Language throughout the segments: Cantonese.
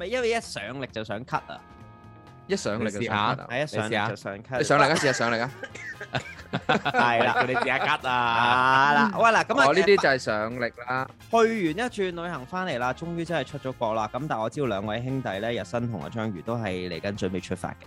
咪因為一上力就想 cut 啊！一上力嘅嚇，係一上力就上 cut。你上力嘅試下上力啊！係啦，你試下 cut 啦！啊啦，好啦，咁啊，我呢啲就係上力啦。去完一轉旅行翻嚟啦，終於真係出咗國啦。咁但係我知道兩位兄弟咧，日新同阿章魚都係嚟緊準備出發嘅。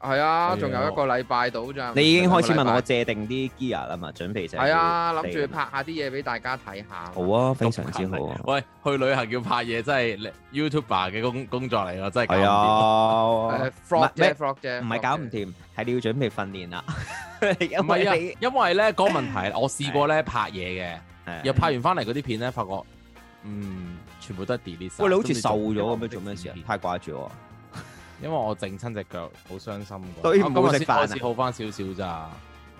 係啊，仲有一個禮拜到咋？你已經開始問我借定啲 gear 啦嘛，準備整。係啊，諗住拍下啲嘢俾大家睇下。好啊，非常之好。啊。喂，去旅行要拍嘢真係 YouTuber 嘅工工作嚟，我真係搞唔掂啊，frog 啫，frog 啫，唔係搞唔掂，係你要準備訓練啦。唔係啊，因為咧個問題，我試過咧拍嘢嘅，又拍完翻嚟嗰啲片咧，發覺嗯，全部得 delete。喂，你好似瘦咗咁樣，做咩事啊？太掛住我。因為我整親隻腳，好傷心。對，唔好食飯啊！是鋪翻少少咋，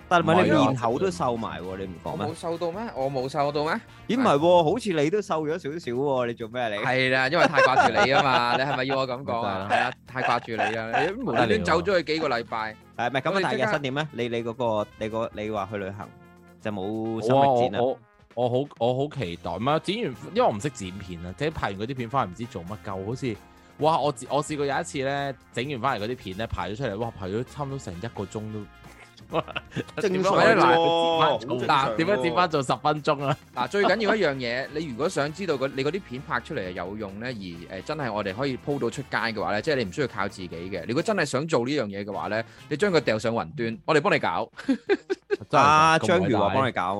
但係唔係你面口都瘦埋喎？你唔講咩？冇瘦到咩？我冇瘦到咩？咦唔係，好似你都瘦咗少少喎？你做咩啊你？係啦，因為太掛住你啊嘛！你係咪要我咁講啊？係啊，太掛住你啊！無端端走咗去幾個禮拜。係咪咁？你而家新點咧？你你嗰個你個你話去旅行就冇剪啊！我我我好我好期待啊！剪完因為我唔識剪片啊，即係拍完嗰啲片翻嚟唔知做乜鳩，好似～哇！我我試過有一次咧，整完翻嚟嗰啲片咧，排咗出嚟，哇，排咗差唔多成一個鐘都。點嗱哇，點樣、啊、剪翻做十、啊、分鐘啦、啊？嗱、啊，最緊要一樣嘢，你如果想知道你嗰啲片拍出嚟係有用咧，而誒真係我哋可以鋪到出街嘅話咧，即係你唔需要靠自己嘅。如果真係想做呢樣嘢嘅話咧，你將佢掉上雲端，我哋幫你搞。啊，章魚話幫你搞，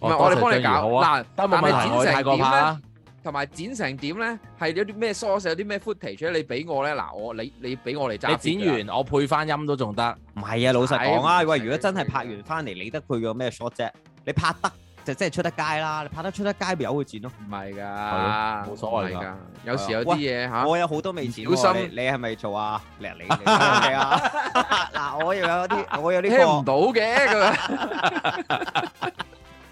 唔係我哋幫你搞。嗱，但係剪成點咧？同埋剪成點咧，係有啲咩 source，有啲咩 footage 你俾我咧，嗱，我你你俾我嚟剪。你剪完我配翻音都仲得。唔係啊，老實講啊，喂，如果真係拍完翻嚟，理得佢個咩 short 啫？你拍得就真係出得街啦。你拍得出得街，咪由佢剪咯。唔係㗎，冇所謂㗎。有時有啲嘢嚇，我有好多未剪。小心你係咪做啊？叻你你啊！嗱，我又有啲，我有啲聽唔到嘅。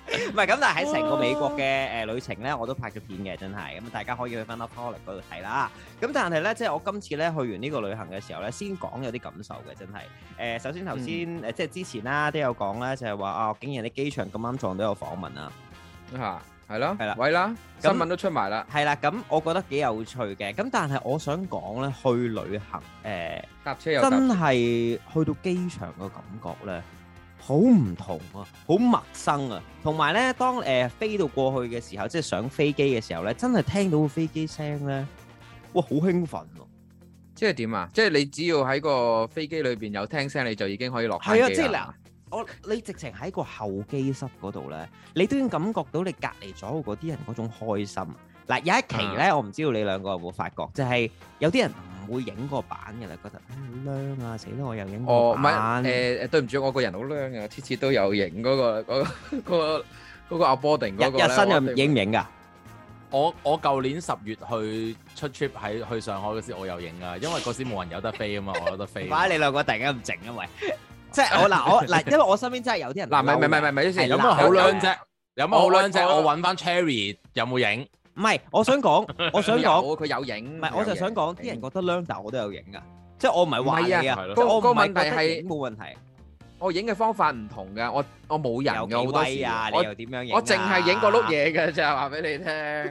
唔係咁，但係喺成個美國嘅誒旅程咧，我都拍咗片嘅，真係咁，大家可以去翻 Apollo 嗰度睇啦。咁但係咧，即係我今次咧去完呢個旅行嘅時候咧，先講有啲感受嘅，真係誒，首先頭先誒，即係之前啦，都有講啦，就係話啊，竟然喺啲機場咁啱撞到有訪問啊，吓係咯，係啦，喂啦，新聞都出埋啦，係啦，咁我覺得幾有趣嘅，咁但係我想講咧，去旅行誒，搭車又真係去到機場嘅感覺咧。好唔同啊，好陌生啊，同埋咧，當誒飛到過去嘅時候，即係上飛機嘅時候咧，真係聽到個飛機聲咧，哇，好興奮咯！即係點啊？即係你只要喺個飛機裏邊有聽聲，你就已經可以落去。係啊，即係嗱，我你直情喺個候機室嗰度咧，你都已經感覺到你隔籬左右嗰啲人嗰種開心。嗱，有一期咧，我唔知道你兩個有冇發覺，就係有啲人。會影個版嘅啦，覺得好靚啊！死啦，我又影個版。哦，唔係，誒誒，對唔住，我個人好靚啊，次次都有影嗰個嗰個嗰個阿 Boating 嗰個日新又影唔影噶？我我舊年十月去出 trip 喺去上海嗰時，我有影啊，因為嗰時冇人有得飛啊嘛，我有得飛。唔怪你兩個突然間唔靜，因為即係我嗱我嗱，因為我身邊真係有啲人嗱，唔係唔係唔係唔係，有咩好靚啫？有咩好靚啫？我搵翻 Cherry 有冇影？唔係，我想講， 我想講，佢有，有影，唔係是，我就想講啲人覺得 l o u n e r 我都有影㗎，即、啊、我唔係話你我個個問題係冇問題，問題我影嘅方法唔同㗎。我冇人嘅好多時啊！我點樣影？我淨係影個碌嘢嘅啫，話俾你聽。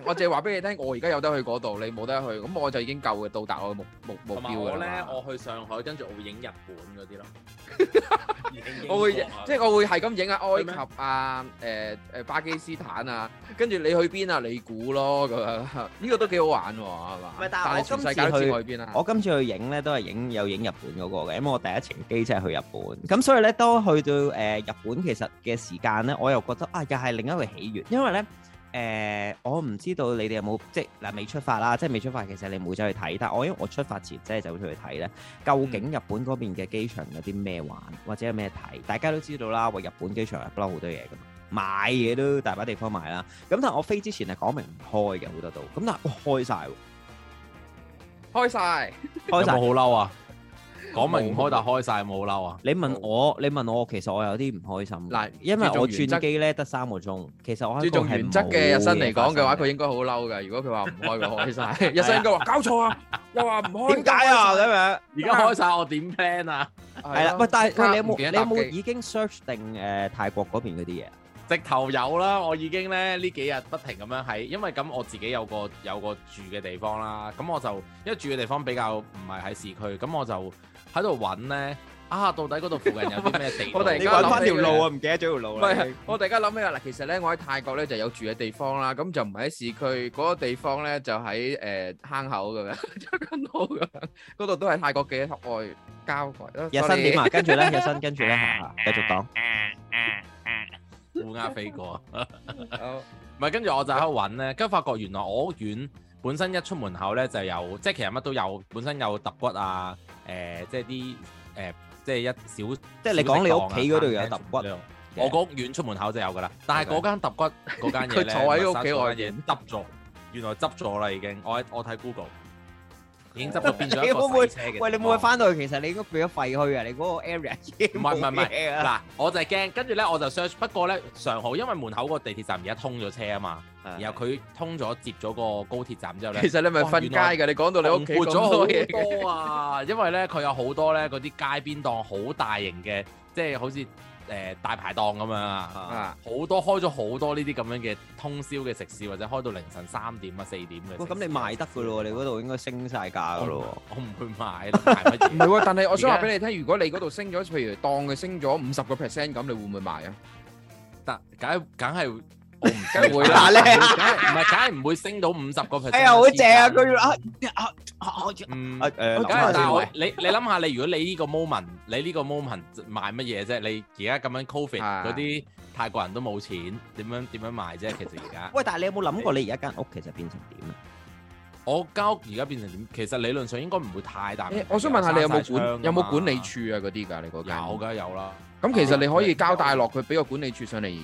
我淨係話俾你聽，我而家有得去嗰度，你冇得去，咁我就已經夠嘅，到達我嘅目目目標㗎啦。同埋咧，我去上海，跟住我會影日本嗰啲咯。我會影，即係我會係咁影啊埃及啊，誒誒巴基斯坦啊，跟住你去邊啊？你估咯咁啊？呢個都幾好玩喎，係嘛？唔係，但係全世界都知我去邊啦。我今次去影咧，都係影有影日本嗰個嘅，因為我第一程機車去日本，咁所以咧都去到誒日本，其實。嘅時間咧，我又覺得啊，又係另一個喜悅，因為咧，誒，我唔知道你哋有冇，即係嗱，未出發啦，即係未出發，其實你冇走去睇，但係我因為我出發前即係就去睇咧，究竟日本嗰邊嘅機場有啲咩玩，或者有咩睇？大家都知道啦，話日本機場係不嬲好多嘢㗎嘛，買嘢都大把地方買啦。咁但係我飛之前係講明唔開嘅，好多都，咁但係開曬，開曬，開曬，我好嬲啊！講明唔開，但開曬冇嬲啊！你問我，你問我，其實我有啲唔開心。嗱，因為我轉機咧得三個鐘，其實我呢個係……呢種原則嘅日新嚟講嘅話，佢應該好嬲㗎。如果佢話唔開，佢開曬。日新應該話搞錯啊，又話唔開，點解啊？你明？而家開曬我點 plan 啊？係啦，唔係，但係你有冇你有冇已經 search 定誒泰國嗰邊嗰啲嘢？直頭有啦，我已經咧呢幾日不停咁樣係，因為咁我自己有個有個住嘅地方啦。咁我就因為住嘅地方比較唔係喺市區，咁我就。喺度揾咧啊，到底嗰度附近有啲咩地方？我突然間揾翻條路啊，唔記得咗條路啦。我突然間諗起啊。嗱，其實咧，我喺泰國咧就有住嘅地方啦。咁就唔喺市區，嗰個地方咧就喺誒坑口咁樣，將根刀咁樣。嗰度都係泰國嘅外郊區。日新點啊？跟住咧，日新跟住咧，繼續講。烏鴉飛過，唔係跟住我就喺度揾咧，跟住發覺原來我屋苑。本身一出門口咧就有，即係其實乜都有，本身有揼骨啊，誒，即係啲誒，即係一小，即係你講你屋企嗰度有揼骨，我個屋苑出門口就有噶啦。但係嗰間揼骨嗰間嘢佢坐喺屋企外嘢，執咗，原來執咗啦已經。我我睇 Google。已經執就變咗一個廢車嘅。餵，你會唔會翻到去？其實你應該變咗廢墟啊！你嗰個 area 已經唔係啊！嗱，我就係驚，跟住咧我就 search，不過咧常好，因為門口個地鐵站而家通咗車啊嘛，然後佢通咗接咗個高鐵站之後咧，其實你咪瞓街㗎，來你講到你屋企闌咗好多嘢啊， 因為咧佢有好多咧嗰啲街邊檔好大型嘅，即係好似。誒、呃、大排檔咁樣啊，好多開咗好多呢啲咁樣嘅通宵嘅食肆，或者開到凌晨三點啊四點嘅。哇！咁、嗯、你賣得嘅咯，你嗰度應該升晒價嘅咯。我唔會賣。唔會、 啊，但係我想話俾你聽，在如果你嗰度升咗，譬如當佢升咗五十個 percent，咁你會唔會賣啊？但梗梗係。梗會啦，唔係梗係唔會升到五十個 percent。哎呀，好正啊！佢啊啊啊，嗯誒，但係你你諗下，你如果你呢個 moment，你呢個 moment 賣乜嘢啫？你而家咁樣 covid 嗰啲泰國人都冇錢，點樣點樣賣啫？其實而家。喂，但係你有冇諗過，你而家間屋其實變成點？我間屋而家變成點？其實理論上應該唔會太大。我想問下你有冇管有冇管理處啊？嗰啲噶，你嗰間，我梗係有啦。咁其實你可以交大落去，佢俾個管理處上嚟。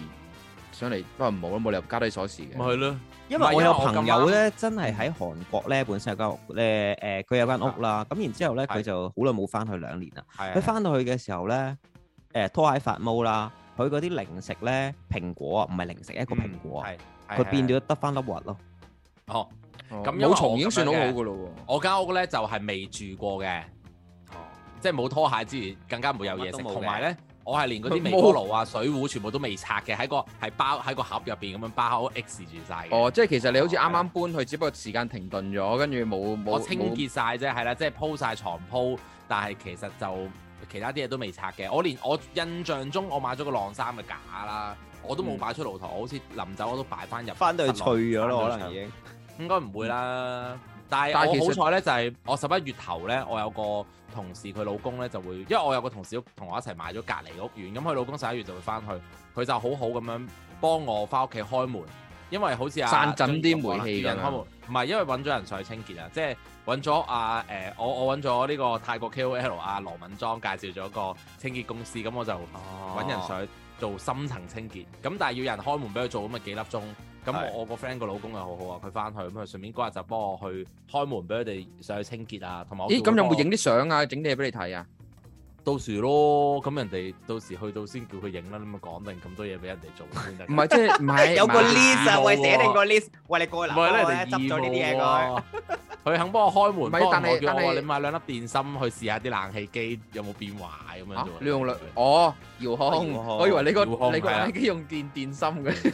上嚟都係冇咯，冇理由交低鎖匙嘅。咪係咯，因為我有朋友咧，真係喺韓國咧，本身有間誒誒，佢、呃、有間屋啦。咁然後之後咧，佢是就好耐冇翻去兩年啦。佢翻到去嘅時候咧，誒拖鞋發毛啦，佢嗰啲零食咧，蘋果啊，唔係零食一個蘋果，佢、嗯、變咗得翻粒核咯。哦，咁冇蟲已經算好好嘅咯喎。我間屋咧就係、是、未住過嘅，哦、即係冇拖鞋之餘，更加唔會有嘢同埋咧。有我係連嗰啲微波爐啊、冇水壺全部都未拆嘅，喺個係包喺個盒入邊咁樣包 X 住晒，哦，即係其實你好似啱啱搬去，哦、只不過時間停頓咗，跟住冇冇。我清潔晒啫，係啦，即係鋪晒床鋪，但係其實就其他啲嘢都未拆嘅。我連我印象中我買咗個晾衫嘅架啦、嗯，我都冇擺出露台，好似臨走我都擺翻入。翻到去脆咗咯，可能已經。應該唔會啦，但係其我好彩咧，就係我十一月頭咧，我有個。同事佢老公咧就會，因為我有個同事同我一齊買咗隔離屋苑，咁佢老公十一月就會翻去，佢就好好咁樣幫我翻屋企開門，因為好似啊，生啲煤氣咁，人開門，唔係因為揾咗人上去清潔啊，即係揾咗阿誒，我我揾咗呢個泰國 K O L 阿、啊、羅敏莊介紹咗個清潔公司，咁我就揾人上去做深層清潔，咁但係要人開門俾佢做咁啊幾粒鐘。咁我我個 friend 個老公又好好啊，佢翻去咁佢順便嗰日就幫我去開門俾佢哋上去清潔啊，同埋咦咁有冇影啲相啊，整啲嘢俾你睇啊？到時咯，咁人哋到時去到先叫佢影啦，咁咪講定咁多嘢俾人哋做先得。唔係即係唔係有個 list 啊？會寫定個 list，喂，你過嚟。唔係咧，你執咗呢啲嘢。佢肯幫我開門，幫我叫喎，你買兩粒電芯去試下啲冷氣機有冇變壞咁樣。你用兩哦遙控，我以為你個你個冷氣機用電電芯嘅。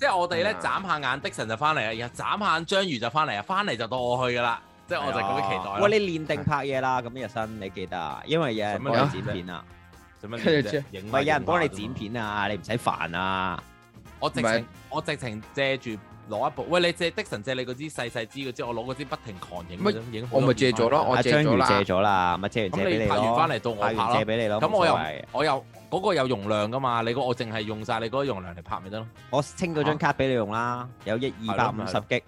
即係我哋咧眨下眼的神就翻嚟啦，然後眨下眼章魚就翻嚟，翻嚟就到我去噶啦。即係我就咁樣期待。喂，你練定拍嘢啦，咁日新你記得啊。因為日新你剪片啊，做乜影唔係有人幫你剪片啊，你唔使煩啊。我直情我直情借住攞一部。喂，你借的神借你嗰支細細支嘅我攞嗰支不停狂影。影我咪借咗咯，我借咗章魚借咗啦，咪借完借俾你咯。拍完翻嚟到我拍借俾你咯。咁我又我又。嗰個有容量噶嘛？你嗰我淨係用晒你嗰個容量嚟拍咪得咯。我清嗰張卡俾你用啦，有一二百五十 G，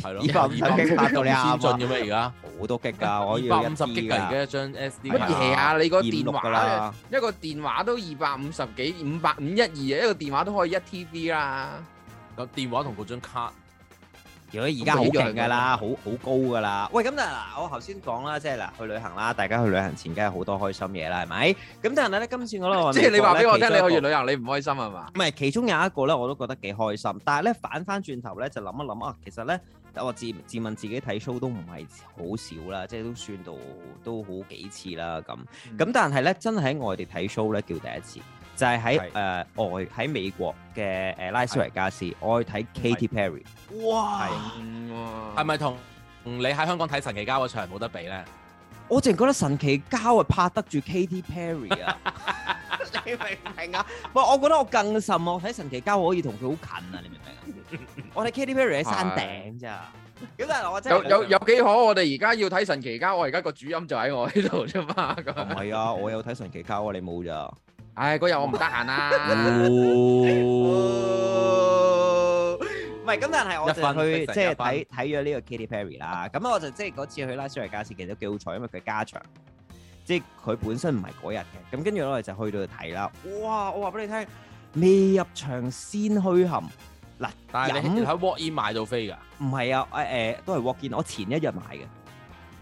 係咯，二百五十 G 拍到你先 進嘅咩？而家好多 G 噶，我二百五十 G 噶，而家一張 SD 卡 S D。乜嘢啊？你個電話啦，一個電話都二百五十幾五百五一二啊，500, 12, 一個電話都可以一 TB 啦。個電話同嗰張卡。如果而家好強㗎啦， 好好高㗎啦。喂，咁啊嗱，我頭先講啦，即係嗱去旅行啦，大家去旅行前梗係好多開心嘢啦，係咪？咁但係咧，今次我都即係你話俾我聽，你去完旅遊你唔開心係嘛？唔係，其中有一個咧，我都覺得幾開心。但係咧，反翻轉頭咧，就諗一諗啊，其實咧，我自自問自己睇 show 都唔係好少啦，即係都算到都好幾次啦。咁咁，嗯、但係咧，真係喺外地睇 show 咧叫第一次，就係喺誒外喺美國嘅誒拉斯維加斯，是的 我去睇 Katy 是的 Perry。哇！係咪同你喺香港睇神奇交嗰場冇得比咧？我淨係覺得神奇交啊，拍得住 Katy Perry 啊！ 你明唔明啊？唔，我覺得我更神喎！我睇神奇交可以同佢好近啊！你明唔明啊？ 我睇 Katy Perry 喺山頂咋？有有有幾好？我哋而家要睇神奇交，我而家個主音就喺我呢度啫嘛！咁唔係啊，我有睇神奇交啊，你冇咋？唉，嗰日我唔得閒啦，唔係，咁但係我就去即係睇睇咗呢個 Katy Perry 啦。咁啊，我就即係嗰次去拉斯維加斯其實都幾好彩，因為佢加場，即係佢本身唔係嗰日嘅。咁跟住我哋就去到睇啦。哇！我話俾你聽，未入場先虛撼嗱，但係喺 walk in 買到飛㗎。唔係啊，誒誒，都係 walk in，我前一日買嘅。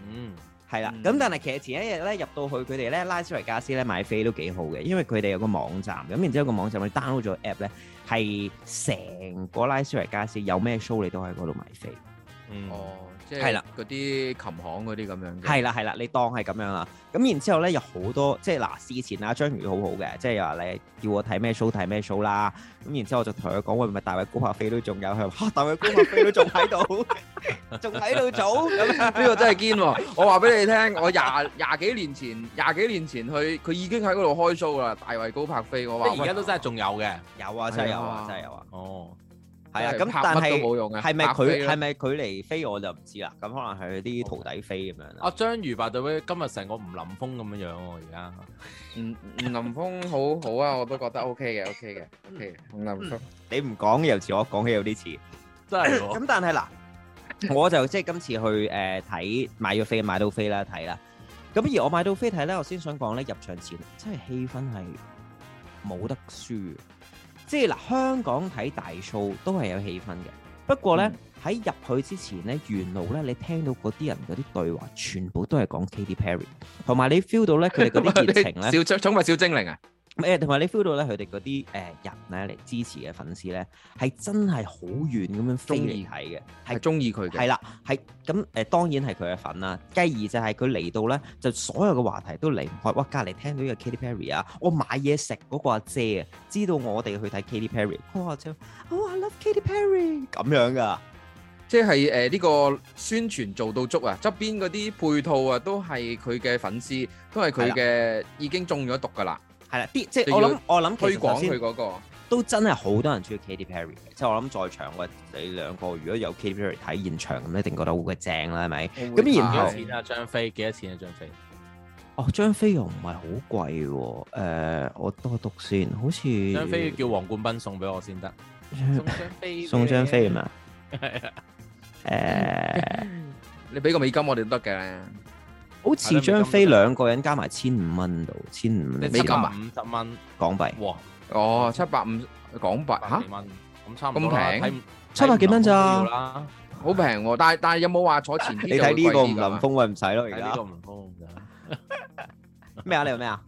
嗯。係啦，咁、嗯、但係其實前一日咧，入到去佢哋咧，拉斯維加斯咧買飛都幾好嘅，因為佢哋有個網站，咁然之後個網站去 download 咗 app 咧，係成個拉斯維加斯有咩 show 你都喺嗰度買飛。嗯。哦。係啦，嗰啲琴行嗰啲咁樣。係啦係啦，你當係咁樣啦。咁然之後咧，有好多即係嗱，事前啊，章魚好好嘅，即係話你叫我睇咩 show 睇咩 show 啦。咁然之後我就同佢講，喂，咪大衞高柏飛都仲有。佢話、啊、大衞高柏飛都仲喺度，仲喺度做。呢 個真係堅喎！我話俾你聽，我廿廿幾年前，廿幾年前去，佢已經喺嗰度開 show 啦。大衞高柏飛，我話。而家都真係仲有嘅。有啊，真係有啊，真係有啊。哦、啊。係啊，咁但係係咪佢係咪佢嚟飛我就唔知啦，咁可能係啲徒弟飛咁樣啦。Okay. 樣啊，章魚白隊員今日成個吳林峰咁樣樣、啊、喎，而家吳吳林峰好好啊，我都覺得 OK 嘅，OK 嘅，OK 嘅，吳林峰，你唔講又似我講，起有啲似，真係喎。咁 但係嗱，我就即係今次去誒睇、呃、買咗飛買到飛啦，睇啦，咁而我買到飛睇咧，我先想講咧，入場前真係氣氛係冇得輸。即係嗱，香港睇大 s 都係有氣氛嘅。不過咧，喺入、嗯、去之前咧，沿路咧你聽到嗰啲人嗰啲對話，全部都係講 Katy Perry，同埋你 feel 到咧佢哋嗰啲熱情咧。 小寵物小精靈啊！咪同埋你 feel 到咧，佢哋嗰啲誒人嚟嚟支持嘅粉絲咧，係真係好遠咁樣飛嚟睇嘅，係中意佢嘅係啦，係咁誒。當然係佢嘅粉啦。繼而就係佢嚟到咧，就所有嘅話題都離唔開。哇，隔離聽到呢個 Katy Perry 啊，我買嘢食嗰個阿姐啊，知道我哋去睇、oh, Katy Perry，哇超，我愛 Katy Perry 咁樣噶，即係誒呢個宣傳做到足啊，側邊嗰啲配套啊，都係佢嘅粉絲，都係佢嘅已經中咗毒噶啦。係啦，啲即係我諗，我諗推廣佢嗰個都真係好多人中意 Katy Perry 嘅，即係我諗在場嘅你兩個如果有 Katy Perry 睇現場咁一定覺得好鬼正啦，係咪？咁然後幾多錢啊？張飛幾多錢啊？張飛哦，張飛又唔係好貴喎，誒、呃，我多讀先，好似張飛叫黃冠斌送俾我先得，送張飛，送張飛啊？嘛？誒， 你俾個美金我哋都得嘅。好似張飛兩個人加埋千五蚊度，千五你俾五十蚊港幣。哦，七百五港幣，吓、啊？咁差唔多，咁平？看七百幾蚊咋？好平喎！但係但係有冇話坐前？你睇呢個唔林峰位唔使咯，而家。呢咩啊？你有咩啊？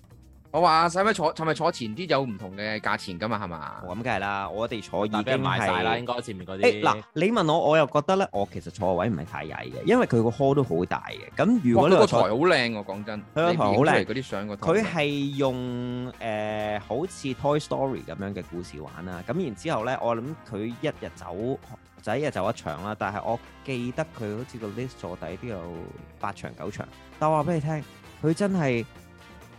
我話使唔使坐係咪坐前啲有唔同嘅價錢噶嘛係嘛？咁梗係啦，我哋坐已經賣晒啦，應該前面嗰啲。嗱、欸，你問我，我又覺得咧，我其實坐位唔係太曳嘅，因為佢個 hall 都好大嘅。咁如果呢、哦嗰個台好靚，我講真，佢台好靚，啲相佢係用誒好似 Toy Story 咁樣嘅故事玩啦。咁然之後咧，我諗佢一日走仔一日走一場啦。但係我記得佢好似個 list 座底都有八場九場。但話俾你聽，佢真係。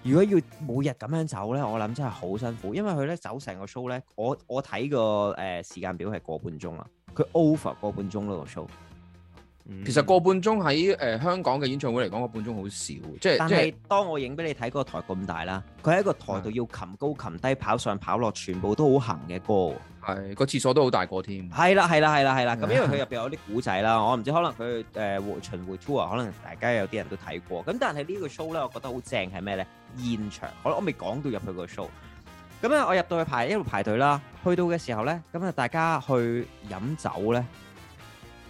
如果要每日咁樣走呢，我諗真係好辛苦，因為佢走成個 show 呢，我我睇個誒時間表係個半鐘啦，佢 over 個半鐘咯，個 show。嗯、其實個半鐘喺誒香港嘅演唱會嚟講，個半鐘好少，即係。但係是即當我影俾你睇嗰、嗰個台咁大啦，佢喺一個台度要擒高擒低、嗯、跑上跑落，全部都好行嘅歌。係個、哎、廁所都好大個添。係啦係啦係啦係啦，咁的因為佢入邊有啲古仔啦， 我唔知可能佢誒巡、呃、迴 tour 可能大家有啲人都睇過。咁但係呢個 show 咧，我覺得好正係咩咧？現場我我未講到入去個 show。咁咧，我入到去排一路排隊啦，去到嘅時候咧，咁啊大家去飲酒咧，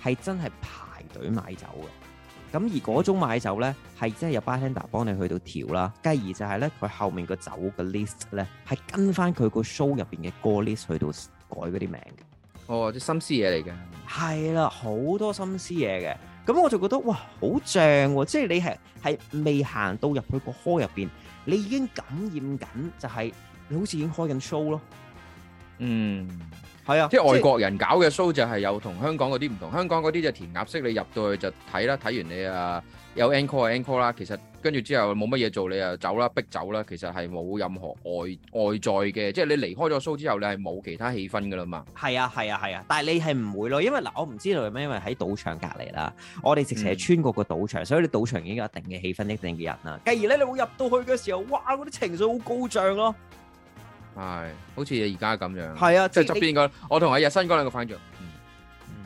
係真係排隊買酒嘅，咁而嗰種買酒咧，係真係有 bartender 幫你去到調啦，繼而就係咧，佢後面個酒嘅 list 咧，係跟翻佢個 show 入邊嘅歌 list 去到改嗰啲名嘅。哦，啲心思嘢嚟嘅，係啦，好多心思嘢嘅。咁我就覺得哇，好正，哦，即係你係係未行到入去個 co 入邊，你已經感染緊，就係你好似已經開緊 show 咯。嗯。係啊，即係是外國人搞嘅 show 就係有同香港嗰啲唔同，香港嗰啲就填鴨式，你入到去就睇啦，睇完你啊有 encore encore 啦，其實跟住之後冇乜嘢做，你啊走啦，逼走啦，其實係冇任何外外在嘅，即係你離開咗 show 之後，你係冇其他氣氛噶啦嘛。係啊，係啊，係啊，啊，但係你係唔會咯，因為嗱，我唔知道係咪，因為喺賭場隔離啦，我哋直情係穿過個賭場，嗯、所以你賭場已經有一定嘅氣氛、一定嘅人啦。繼而咧，你會入到去嘅時候，哇，嗰啲情緒好高漲咯、啊。係、哎，好似而家咁樣。係啊，即係側邊你個，我同阿日新嗰兩個 friend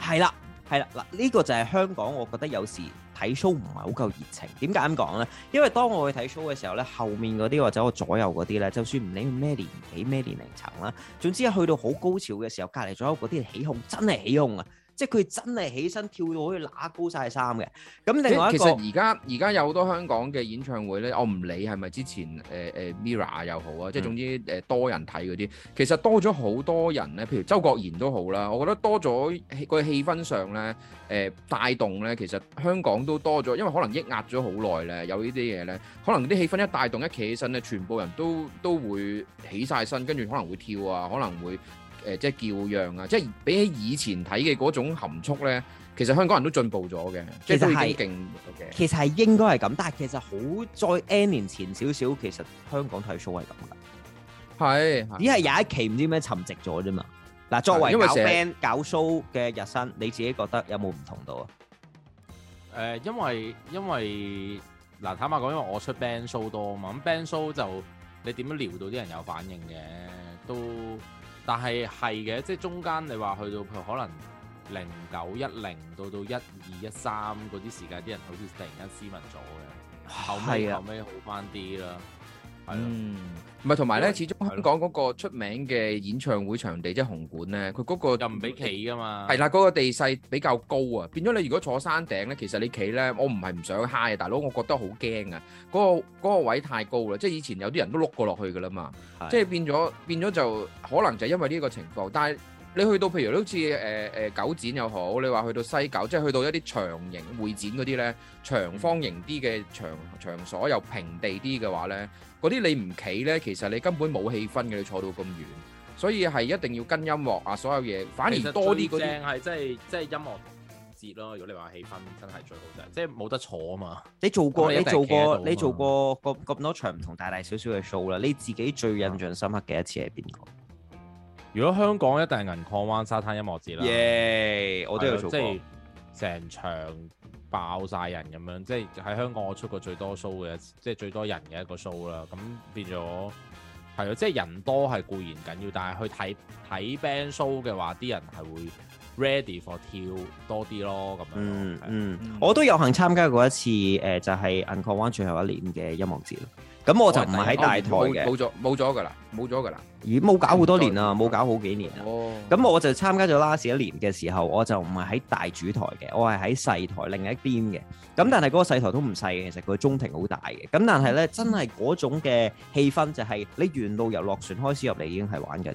係啦，係啦，嗱，呢、這個就係香港，我覺得有時睇 show 唔係好夠熱情。點解咁講咧？因為當我去睇 show 嘅時候咧，後面嗰啲或者我左右嗰啲咧，就算唔理咩年紀、咩年齡層啦，總之去到好高潮嘅時候，隔籬左右嗰啲起哄，真係起哄啊！即係佢真係起身跳到好似揦高晒衫嘅。咁你其實而家而家有好多香港嘅演唱會咧，我唔理係咪之前誒誒、呃呃、MIRROR 又好啊，即係總之誒多人睇嗰啲，嗯、其實多咗好多人咧。譬如周國賢都好啦，我覺得多咗、個氣氛上咧，誒、呃、帶動咧，其實香港都多咗，因為可能抑壓咗好耐咧，有呢啲嘢咧，可能啲氣氛一帶動一企起身咧，全部人都都會起晒身，跟住可能會跳啊，可能會。誒，即係叫樣啊！即係比起以前睇嘅嗰種含蓄咧，其實香港人都進步咗嘅，即係都幾勁嘅。其實係應該係咁，但係其實好再 N 年前少少，其實香港睇 show 係咁嘅，係只係有一期唔知咩沉寂咗啫嘛。嗱，作為搞 band 搞 show 嘅日新，你自己覺得有冇唔同到啊？誒，因為因為嗱，坦白講，因為我出 band show 多嘛，咁 band show 就你點樣撩到啲人有反應嘅都。但係係嘅，即中間你話去到譬如可能零九一零到到一二一三嗰啲時間，啲人好似突然間斯文咗嘅，後尾是、啊、後尾好返啲啦。嗯，唔係同埋咧，始終香港嗰個出名嘅演唱會場地即係紅館咧，佢嗰個又唔俾企噶嘛，係啦，嗰個地勢比較高啊，變咗你如果坐山頂咧，其實你企咧，我唔係唔想 high 啊，大佬，我覺得好驚啊，嗰個嗰個位太高啦，即係以前有啲人都碌過落去噶啦嘛，的即係變咗變咗就可能就因為呢個情況，但係。你去到譬如你好似誒誒九展又好，你話去到西九，即係去到一啲長型會展嗰啲咧，長方形啲嘅場場所又平地啲嘅話咧，嗰啲你唔企咧，其實你根本冇氣氛嘅，你坐到咁遠，所以係一定要跟音樂啊，所有嘢反而多啲嗰正係即係即係音樂節咯。如果你話氣氛真係最好就係即係冇得坐啊嘛。你做過你做過你做過咁咁多場唔同大大小小嘅 show 啦，你自己最印象深刻嘅一次係邊個？如果香港一定係銀礦灣沙灘音樂節啦，耶 Yeah, 的！我都有做過即係成場爆晒人咁樣，即係喺香港我出過最多 show 嘅，即係最多人嘅一個 show 啦。咁變咗係啊，即係人多係固然緊要，但係去睇睇 band show 嘅話，啲人係會 ready for 跳多啲咯咁樣。嗯，的嗯我都有幸參加過一次誒、呃，就係、是、銀礦灣最後一年嘅音樂節啦。咁我就唔係喺大台嘅，冇咗冇咗噶啦，冇咗噶啦，而冇搞好多年啦，冇了搞好幾年啦。哦，咁我就參加咗 last 一年嘅時候，我就唔係喺大主台嘅，我係喺細台另一邊嘅。咁但係嗰個細台都唔細嘅，其實佢中庭好大嘅。咁但係咧，真係嗰種嘅氣氛就係你沿路由落船開始入嚟已經係玩緊嘅。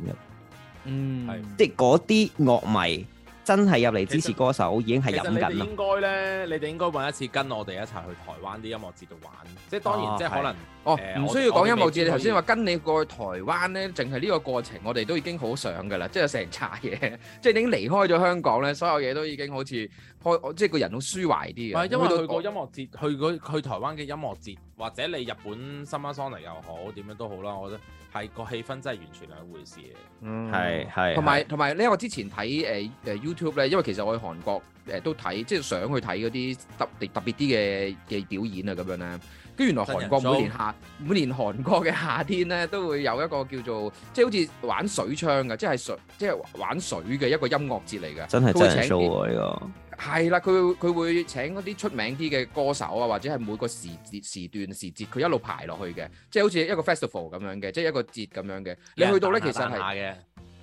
嗯，係，即係嗰啲樂迷。真係入嚟支持歌手實已經係飲緊啦。其實應該咧，你哋應該揾一次跟我哋一齊去台灣啲音樂節度玩。即係當然，哦、即係可能哦，唔、呃、需要講我音樂節。以你頭先話跟你過去台灣咧，淨係呢個過程我，我哋都已經好想㗎啦。即係成扎嘢，即係你經離開咗香港咧，所有嘢都已經好似開，即係個人好舒懷啲嘅。因為去過音樂節，我去去台灣嘅音樂節，或者你日本 Summer Sonic 又好，點樣都好啦，我覺得。係、嗰個氣氛真係完全兩回事嘅。嗯，係係。同埋同埋，呢我之前睇誒誒 YouTube 咧，因為其實我去韓國誒、呃、都睇，即係想去睇嗰啲特特別啲嘅嘅表演啊咁樣咧。跟原來韓國每年夏每年韓國嘅夏天咧，都會有一個叫做即係好似玩水槍嘅，即係水即係玩水嘅一個音樂節嚟嘅，真係真係 show 呢個。係啦，佢佢會，會請嗰啲出名啲嘅歌手啊，或者係每個時節時段時節，佢一路排落去嘅，即係好似一個 festival 咁樣嘅，即係一個節咁樣嘅。你去到咧，其實係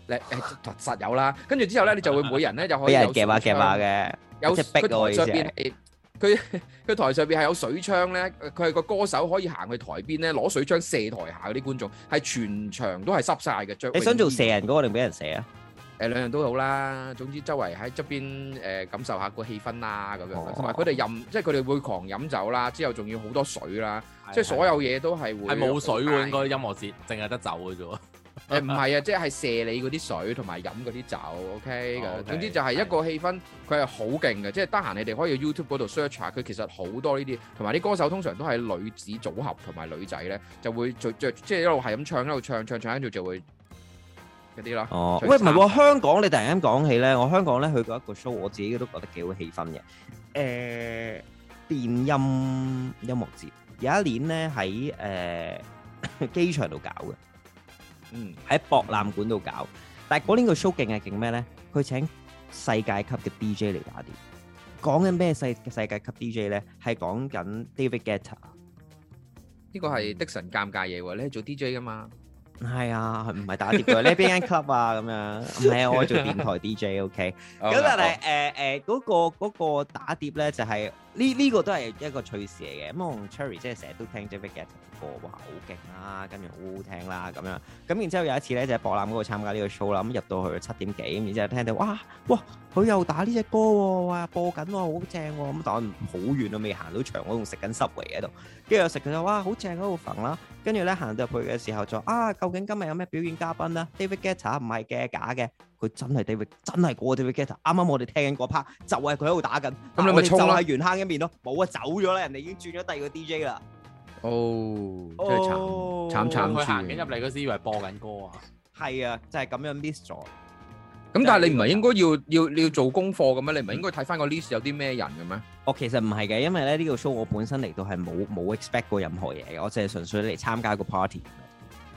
誒誒，實有啦。跟住之後咧，你就會每人咧就可以俾人夾下夾下嘅。有佢台上邊係佢佢台上邊係有水槍咧，佢係個歌手可以行去台邊咧攞水槍射台下嗰啲觀眾，係全場都係濕晒嘅。最你想做射人嗰個定俾人射啊？誒兩樣都好啦，總之周圍喺側邊誒、呃、感受下個氣氛啦咁樣，同埋佢哋飲，即係佢哋會狂飲酒啦，之後仲要好多水啦，即係、哦、所有嘢都係會。係冇水喎，應該音樂節淨係得酒嘅啫。誒唔係啊，即、就、係、是、射你嗰啲水同埋飲嗰啲酒，OK 嘅、哦。Okay，總之就係一個氣氛，佢係好勁嘅。即係得閒你哋可以 YouTube 嗰度 search 下，佢其實好多呢啲，同埋啲歌手通常都係女子組合同埋女仔咧，就會著著即係一路係咁唱，一路唱唱唱，跟住就會。嗰啲咯。哦，喂，唔係，香港你突然間講起咧，我香港咧去過一個 show，我自己都覺得幾好氣氛嘅。誒，電音音樂節，有一年咧喺誒機場度搞嘅，嗯，喺博覽館度搞。但係嗰年個 show 勁係勁咩咧？佢請世界級嘅 DJ 嚟打碟，講緊咩世世界級 DJ 咧？係講緊 David Guetta，呢個係的神尷尬嘢喎！你係做 DJ 㗎嘛？係啊，唔係打碟嘅， 你喺邊間 club 啊？咁樣，係啊，我做電台 DJ，OK、okay? 咁但係，誒、呃、嗰、那個嗰、那個打碟呢，就係、是。呢呢個都係一個趣事嚟嘅。咁啊，Cherry 即係成日都聽 David Guetta 嘅歌，話好勁啦，跟住好好聽啦咁樣。咁然之後有一次咧，就係博覽嗰度參加呢個 show 啦。咁入到去七點幾，然之後聽到哇哇，佢又打呢隻歌喎，哇播緊喎，好正喎。咁但係好遠都未行到場，我仲食緊濕圍喺度。跟住又食佢，時候，哇好正喺度揈啦。跟住咧行到入去嘅時候就啊，究竟今日有咩表演嘉賓咧？David Guetta 唔係嘅，假嘅，佢真係 David，真係個 David Guetta。啱啱我哋聽緊 part，就係佢喺度打緊。咁你咪衝啦！面咯，冇啊，走咗啦，人哋已經轉咗第二個 DJ 啦。哦、oh，真係慘慘慘。佢行緊入嚟嗰時以為播緊歌啊，係啊， 就係、是、咁樣 miss 咗。咁但係你唔係應該要要你要做功課嘅咩？你唔係應該睇翻個 list 有啲咩人嘅咩？嗯、我其實唔係嘅，因為咧呢、這個 show 我本身嚟到係冇冇 expect 過任何嘢，我淨係純粹嚟參加個 party。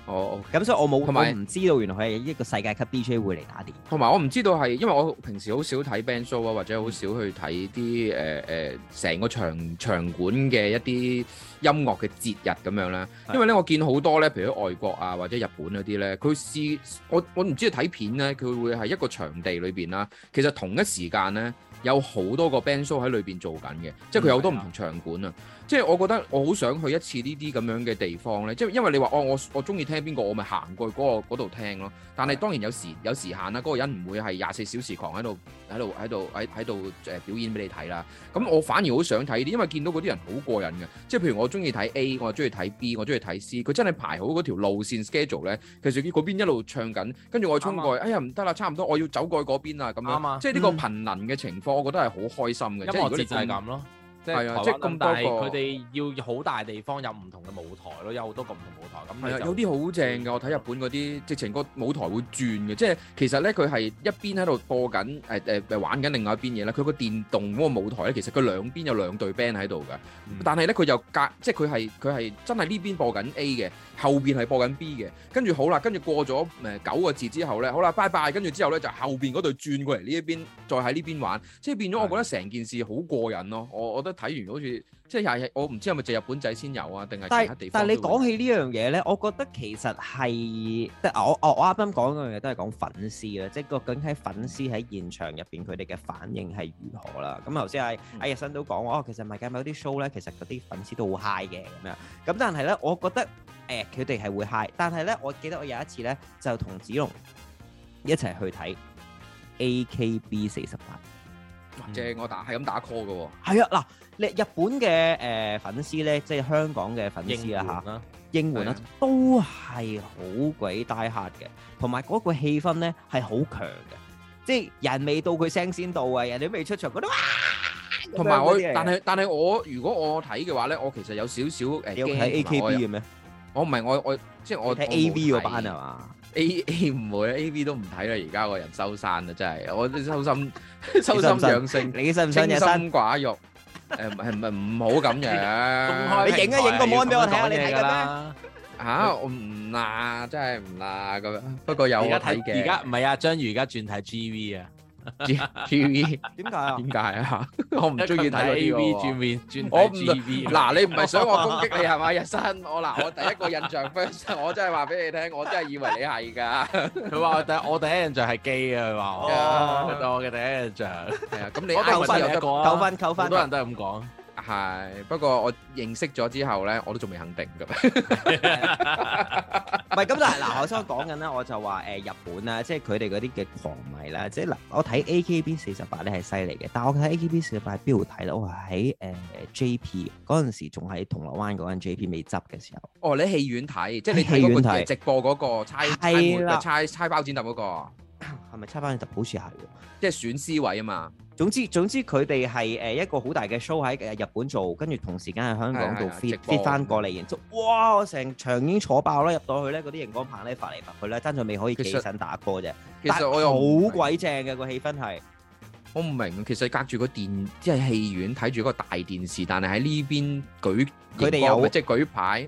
哦，咁所以我冇，我唔知道原來佢係一個世界級 DJ 會嚟打碟。同埋我唔知道係，因為我平時好少睇 band show 啊，或者好少去睇啲誒誒成個場場館嘅一啲音樂嘅節日咁樣啦。因為咧，我見好多咧，譬如喺外國啊，或者日本嗰啲咧，佢試，我我唔知睇片咧，佢會係一個場地裏邊啦。其實同一時間咧，有好多個 band show 喺裏邊做緊嘅，即係佢有好多唔同場館啊。Yeah. 即係我覺得我好想去一次呢啲咁樣嘅地方咧，即係因為你話哦，我我中意聽邊個，我咪行過去嗰度聽咯。但係當然有時有時限啦，嗰個人唔會係廿四小時狂喺度喺度喺度喺喺度誒表演俾你睇啦。咁我反而好想睇啲，因為見到嗰啲人好過癮嘅。即係譬如我中意睇 A，我又中意睇 B，我中意睇 C，佢真係排好嗰條路線 schedule 咧，其實佢嗰邊一路唱緊，跟住我衝過去，對吧 哎呀唔得啦，差唔多我要走過去嗰邊啊咁樣。對吧 即係呢個頻能嘅情況，我覺得係好開心嘅，嗯、即係如果你咁咯。即係啊！即係咁大，佢哋要好大地方有唔同嘅舞台咯，有好多個唔同舞台。咁係啊，有啲好正嘅。我睇日本嗰啲，直情個舞台會轉嘅。即係其實咧，佢係一邊喺度播緊，誒誒誒玩緊另外一邊嘢啦。佢個電動嗰個舞台咧，其實佢兩邊有兩隊 band 喺度嘅，但係咧，佢又隔，即係佢係佢係真係呢邊播緊 A 嘅，後邊係播緊 B 嘅。跟住好啦，跟住過咗誒九個字之後咧，好啦，拜拜。跟住之後咧，就後邊嗰隊轉過嚟呢一邊再喺呢邊玩。即係變咗，我覺得成件事好過癮咯！我我～睇完好似即係日日，我唔知係咪就日本仔先有啊，定係其他地方？但係你講起呢樣嘢咧，我覺得其實係我我我啱啱講嗰樣嘢都係講粉絲啊，即係究竟喺粉絲喺現場入邊佢哋嘅反應係如何啦。咁頭先阿阿日新都講，哦，其實咪計某啲 show 咧，其實嗰啲粉絲都好 high 嘅咁樣。咁但係咧，我覺得誒佢哋係會 high，但係咧，我記得我有一次咧就同子龍一齊去睇 AKB 四十八。正我打，係咁打 call 嘅喎。係啊，嗱，你日本嘅誒粉絲咧，即係香港嘅粉絲啊，嚇，應援啊，都係好鬼帶嚇嘅，同埋嗰個氣氛咧係好強嘅，即係人未到佢聲先到啊！人哋未出場嗰啲，哇！同埋我，但係但係我如果我睇嘅話咧，我其實有少少誒驚啊！我睇 AKB 嘅咩？我唔係我我即係我睇 AV 嗰班啊！A A 唔會啦，AV 都唔睇啦，而家個人收山啦，真係我都收心，收心養性，清心寡慾。誒，唔係唔係唔好咁樣。你影一影個 mon 俾我睇下，你睇噶咩？吓唔啦，真係唔啦咁。不過有睇嘅。而家唔係啊，章魚而家轉睇 GV 啊。T V 點解 啊？點解啊？我唔中意睇 A V 轉面轉我唔嗱你唔係想我攻擊你係嘛？日新我嗱我第一個印象 first, 我真係話俾你聽，我真係以為你係噶。佢話我第我第一印象係 gay 啊！佢話哦，就 我嘅第一印象係啊。咁你我扣分又講，扣分，扣分。好多人都係咁講。係，不過我認識咗之後咧，我都仲未肯定咁。唔係咁，但係嗱，我先講緊咧，我就話誒日本啦，即係佢哋嗰啲嘅狂迷啦，即係嗱，我睇 A K B 四十八咧係犀利嘅，但係我睇 A K B 四十八係邊度睇咧？我係喺誒 J P 嗰陣時，仲喺銅鑼灣嗰間 J P 未執嘅時候。哦，你喺戲院睇，即係你睇嗰個直播嗰個猜猜門猜猜包剪揼嗰個，係咪猜包剪揼，那個？好似係，即係選 C 位啊嘛。總之，總之佢哋係誒一個好大嘅 show 喺日本做，跟住同時間喺香港度 fit fit 翻過嚟，然之後，嘩，我成場已經坐爆啦！入到去咧，嗰啲熒光棒咧發嚟發去咧，真仲未可以企起身打波啫。其實但 我又好鬼正嘅個氣氛係，我唔明。其實隔住個電即係、就是、戲院睇住個大電視，但係喺呢邊舉佢哋有即係舉牌。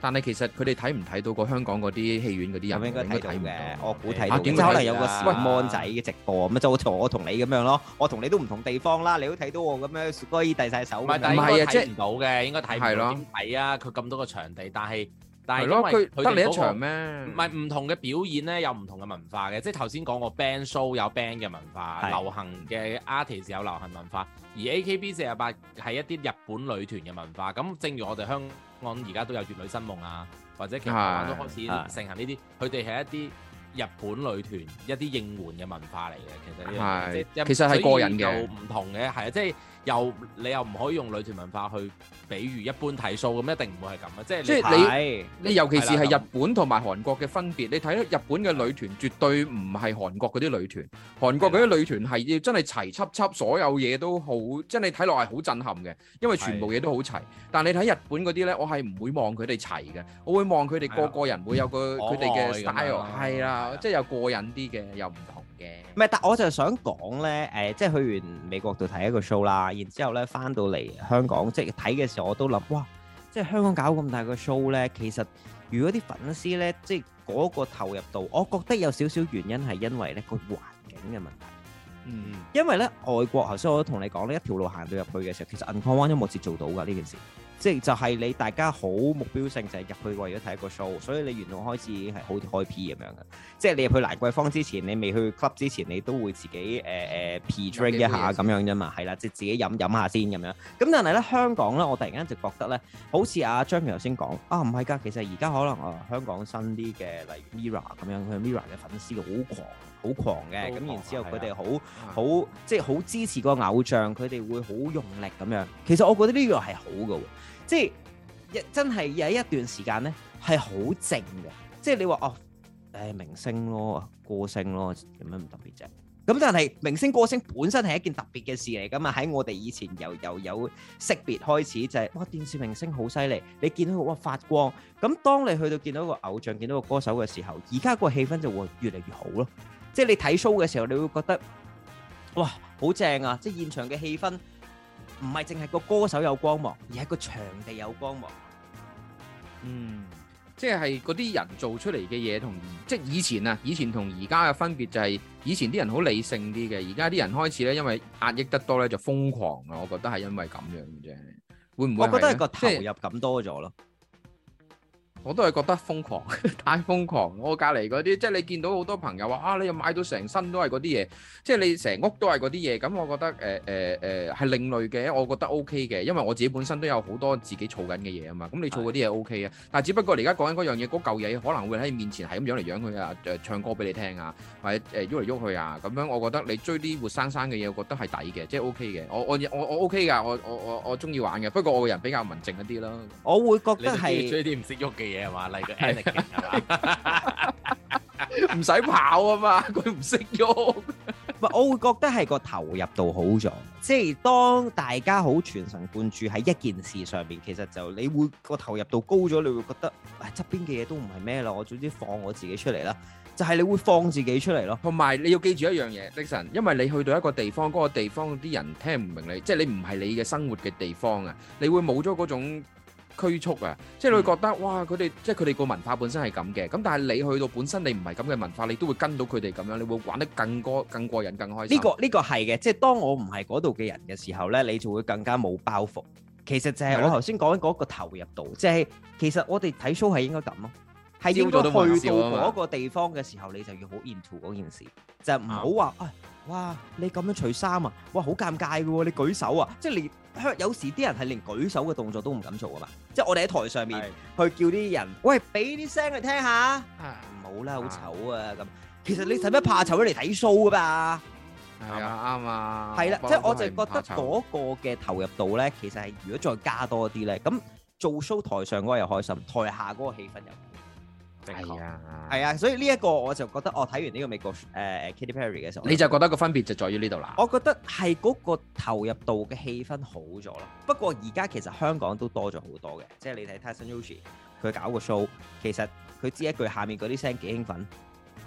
但係其實佢哋睇唔睇到個香港嗰啲戲院嗰啲人應該睇唔到，我估睇到。可能有個小 mon 仔直播，咁就好似我同你咁樣咯。我同你都唔同地方啦，你都睇到我咁樣，可以遞晒手。唔係，唔係啊，即係唔到嘅，應該睇唔到。係點睇啊！佢咁多個場地，但係但係因為得你一場咩？唔係唔同嘅表演咧，有唔同嘅文化嘅。即係頭先講過 band show 有 band 嘅文化，流行嘅 artist 有流行文化，而 AKB 四十八係一啲日本女團嘅文化。咁正如我哋香。我諗而家都有《月女生夢》啊，或者其他都開始盛行呢啲，佢哋係一啲。日本女團一啲應援嘅文化嚟嘅，其實呢的即其實係個人嘅，唔同嘅，係啊，即係又你又唔可以用女團文化去比喻一般題數咁，一定唔會係咁啊！即係即係你，的你尤其是係日本同埋韓國嘅分別，的你睇日本嘅女團絕對唔係韓國嗰啲女團，韓國嗰啲女團係要真係齊葺葺，所有嘢都好，真係睇落係好震撼嘅，因為全部嘢都好齊。但你睇日本嗰啲咧，我係唔會望佢哋齊嘅，我會望佢哋個個人會有個佢哋嘅 style，係啊的。即係又過癮啲嘅，又唔同嘅。唔係，但我就想講咧，誒、呃，即係去完美國度睇一個 show 啦，然之後咧，翻到嚟香港，即係睇嘅時候，我都諗，哇！即係香港搞咁大個 show 咧，其實如果啲粉絲咧，即係嗰個投入度，我覺得有少少原因係因為咧個環境嘅問題。嗯。因為咧外國頭先我都同你講呢一條路行到入去嘅時候，其實銀礦灣音樂節做到㗎呢件事。即係就係你大家好目標性就係入去為咗睇個 show，所以你原來開始係好開 P 咁樣嘅。即係你入去蘭桂坊之前，你未去 club 之前，你都會自己誒誒、呃、P drink 一下咁樣啫嘛，係啦，即係自己飲飲下先咁樣。咁但係咧香港咧，我突然間就覺得咧，好似阿、啊、張明頭先講啊，唔係㗎，其實而家可能啊香港新啲嘅，例如 Mirror 咁樣，佢 Mirror 嘅粉絲好狂，好狂嘅，咁然之後佢哋好好即係好支持個偶像，佢哋會好用力咁樣。其實我覺得呢樣係好嘅。即係真係有一段時間呢，係好靜嘅，即係你話哦，誒、哎、明星咯，歌星咯，咁樣唔特別啫。咁但係明星歌星本身係一件特別嘅事嚟，咁啊喺我哋以前由由有識別開始就係、是、哇電視明星好犀利，你見到佢哇發光。咁當你去到見到個偶像、見到個歌手嘅時候，而家個氣氛就會越嚟越好咯。即係你睇 show 嘅時候，你會覺得哇好正啊！即係現場嘅氣氛。唔係淨係個歌手有光芒，而係個場地有光芒。嗯，即係嗰啲人做出嚟嘅嘢同，即係以前啊，以前同而家嘅分別就係，以前啲人好理性啲嘅，而家啲人開始咧，因為壓抑得多咧，就瘋狂啊！我覺得係因為咁樣嘅啫，會唔會？我覺得係個投入感多咗咯。我都係覺得瘋狂， 太瘋狂！我隔離嗰啲，即係你見到好多朋友話，啊，你又買到成身都係嗰啲嘢，即係你成屋都係嗰啲嘢。咁我覺得誒誒誒係另類嘅，我覺得 O K 嘅，因為我自己本身都有好多自己儲緊嘅嘢啊嘛。咁你儲嗰啲嘢 O K 啊，但係只不過你而家講緊嗰樣嘢，嗰嚿嘢可能會喺面前係咁樣嚟養佢啊，誒、呃、唱歌俾你聽啊，或者誒喐嚟喐去啊。咁樣我覺得你追啲活生生嘅嘢，我覺得係抵嘅，即係 O K 嘅。我我我我 O K 㗎，我我、OK、我我中意玩嘅。不過我個人比較文靜一啲囉。我會覺得係追啲唔識喐嘅嘢。嘢嘛，例如 analytics 啊嘛，唔使跑啊嘛，佢唔識喐。我會覺得係個投入度好咗。即係當大家好全神貫注喺一件事上面，其實就你會個投入度高咗，你會覺得哎，側邊嘅嘢都唔係咩咯。我總之放我自己出嚟啦，就係你會放自己出嚟咯。同埋你要記住一樣嘢，Dixon，因為你去到一個地方，嗰個地方啲人聽唔明你，即係你唔係你嘅生活嘅地方啊，你會冇咗嗰種拘束啊！即係你會覺得哇，佢哋即係佢哋個文化本身係咁嘅。咁但係你去到本身你唔係咁嘅文化，你都會跟到佢哋咁樣，你會玩得更過、更過癮、更開心。呢個呢個係嘅，即係當我唔係嗰度嘅人嘅時候咧，你就會更加冇包袱。其實就係我頭先講嗰個投入度，即係其實我哋睇 show 係應該咁咯，係要到去到嗰個地方嘅時候，你就要好 into 嗰件事，就唔好話啊。哇！你咁樣除衫啊！哇，好尷尬嘅喎！啊！你舉手啊！即係連有時啲人係連舉手嘅動作都唔敢做啊嘛！即係我哋喺台上面去叫啲人，的喂，俾啲聲嚟聽，聽下。唔、啊、好啦，好醜啊！咁，啊、其實你使乜怕醜嚟睇 show 嘅嘛？係啊，啱啊。係啦那，即係，啊、的我就覺得嗰個嘅投入度咧，其實係如果再加多啲咧，咁做 show 台上嗰個又開心，台下嗰個氣氛又。係啊，係啊，所以呢一個我就覺得，我睇完呢個美國誒誒 Katy Perry 嘅時候，你就覺得個分別就在於呢度啦。我覺得係嗰個投入度嘅氣氛好咗咯。不過而家其實香港都多咗好多嘅，即係你睇 Tyson Yoshi 佢搞個 show，其實佢知一句下面嗰啲聲幾興奮，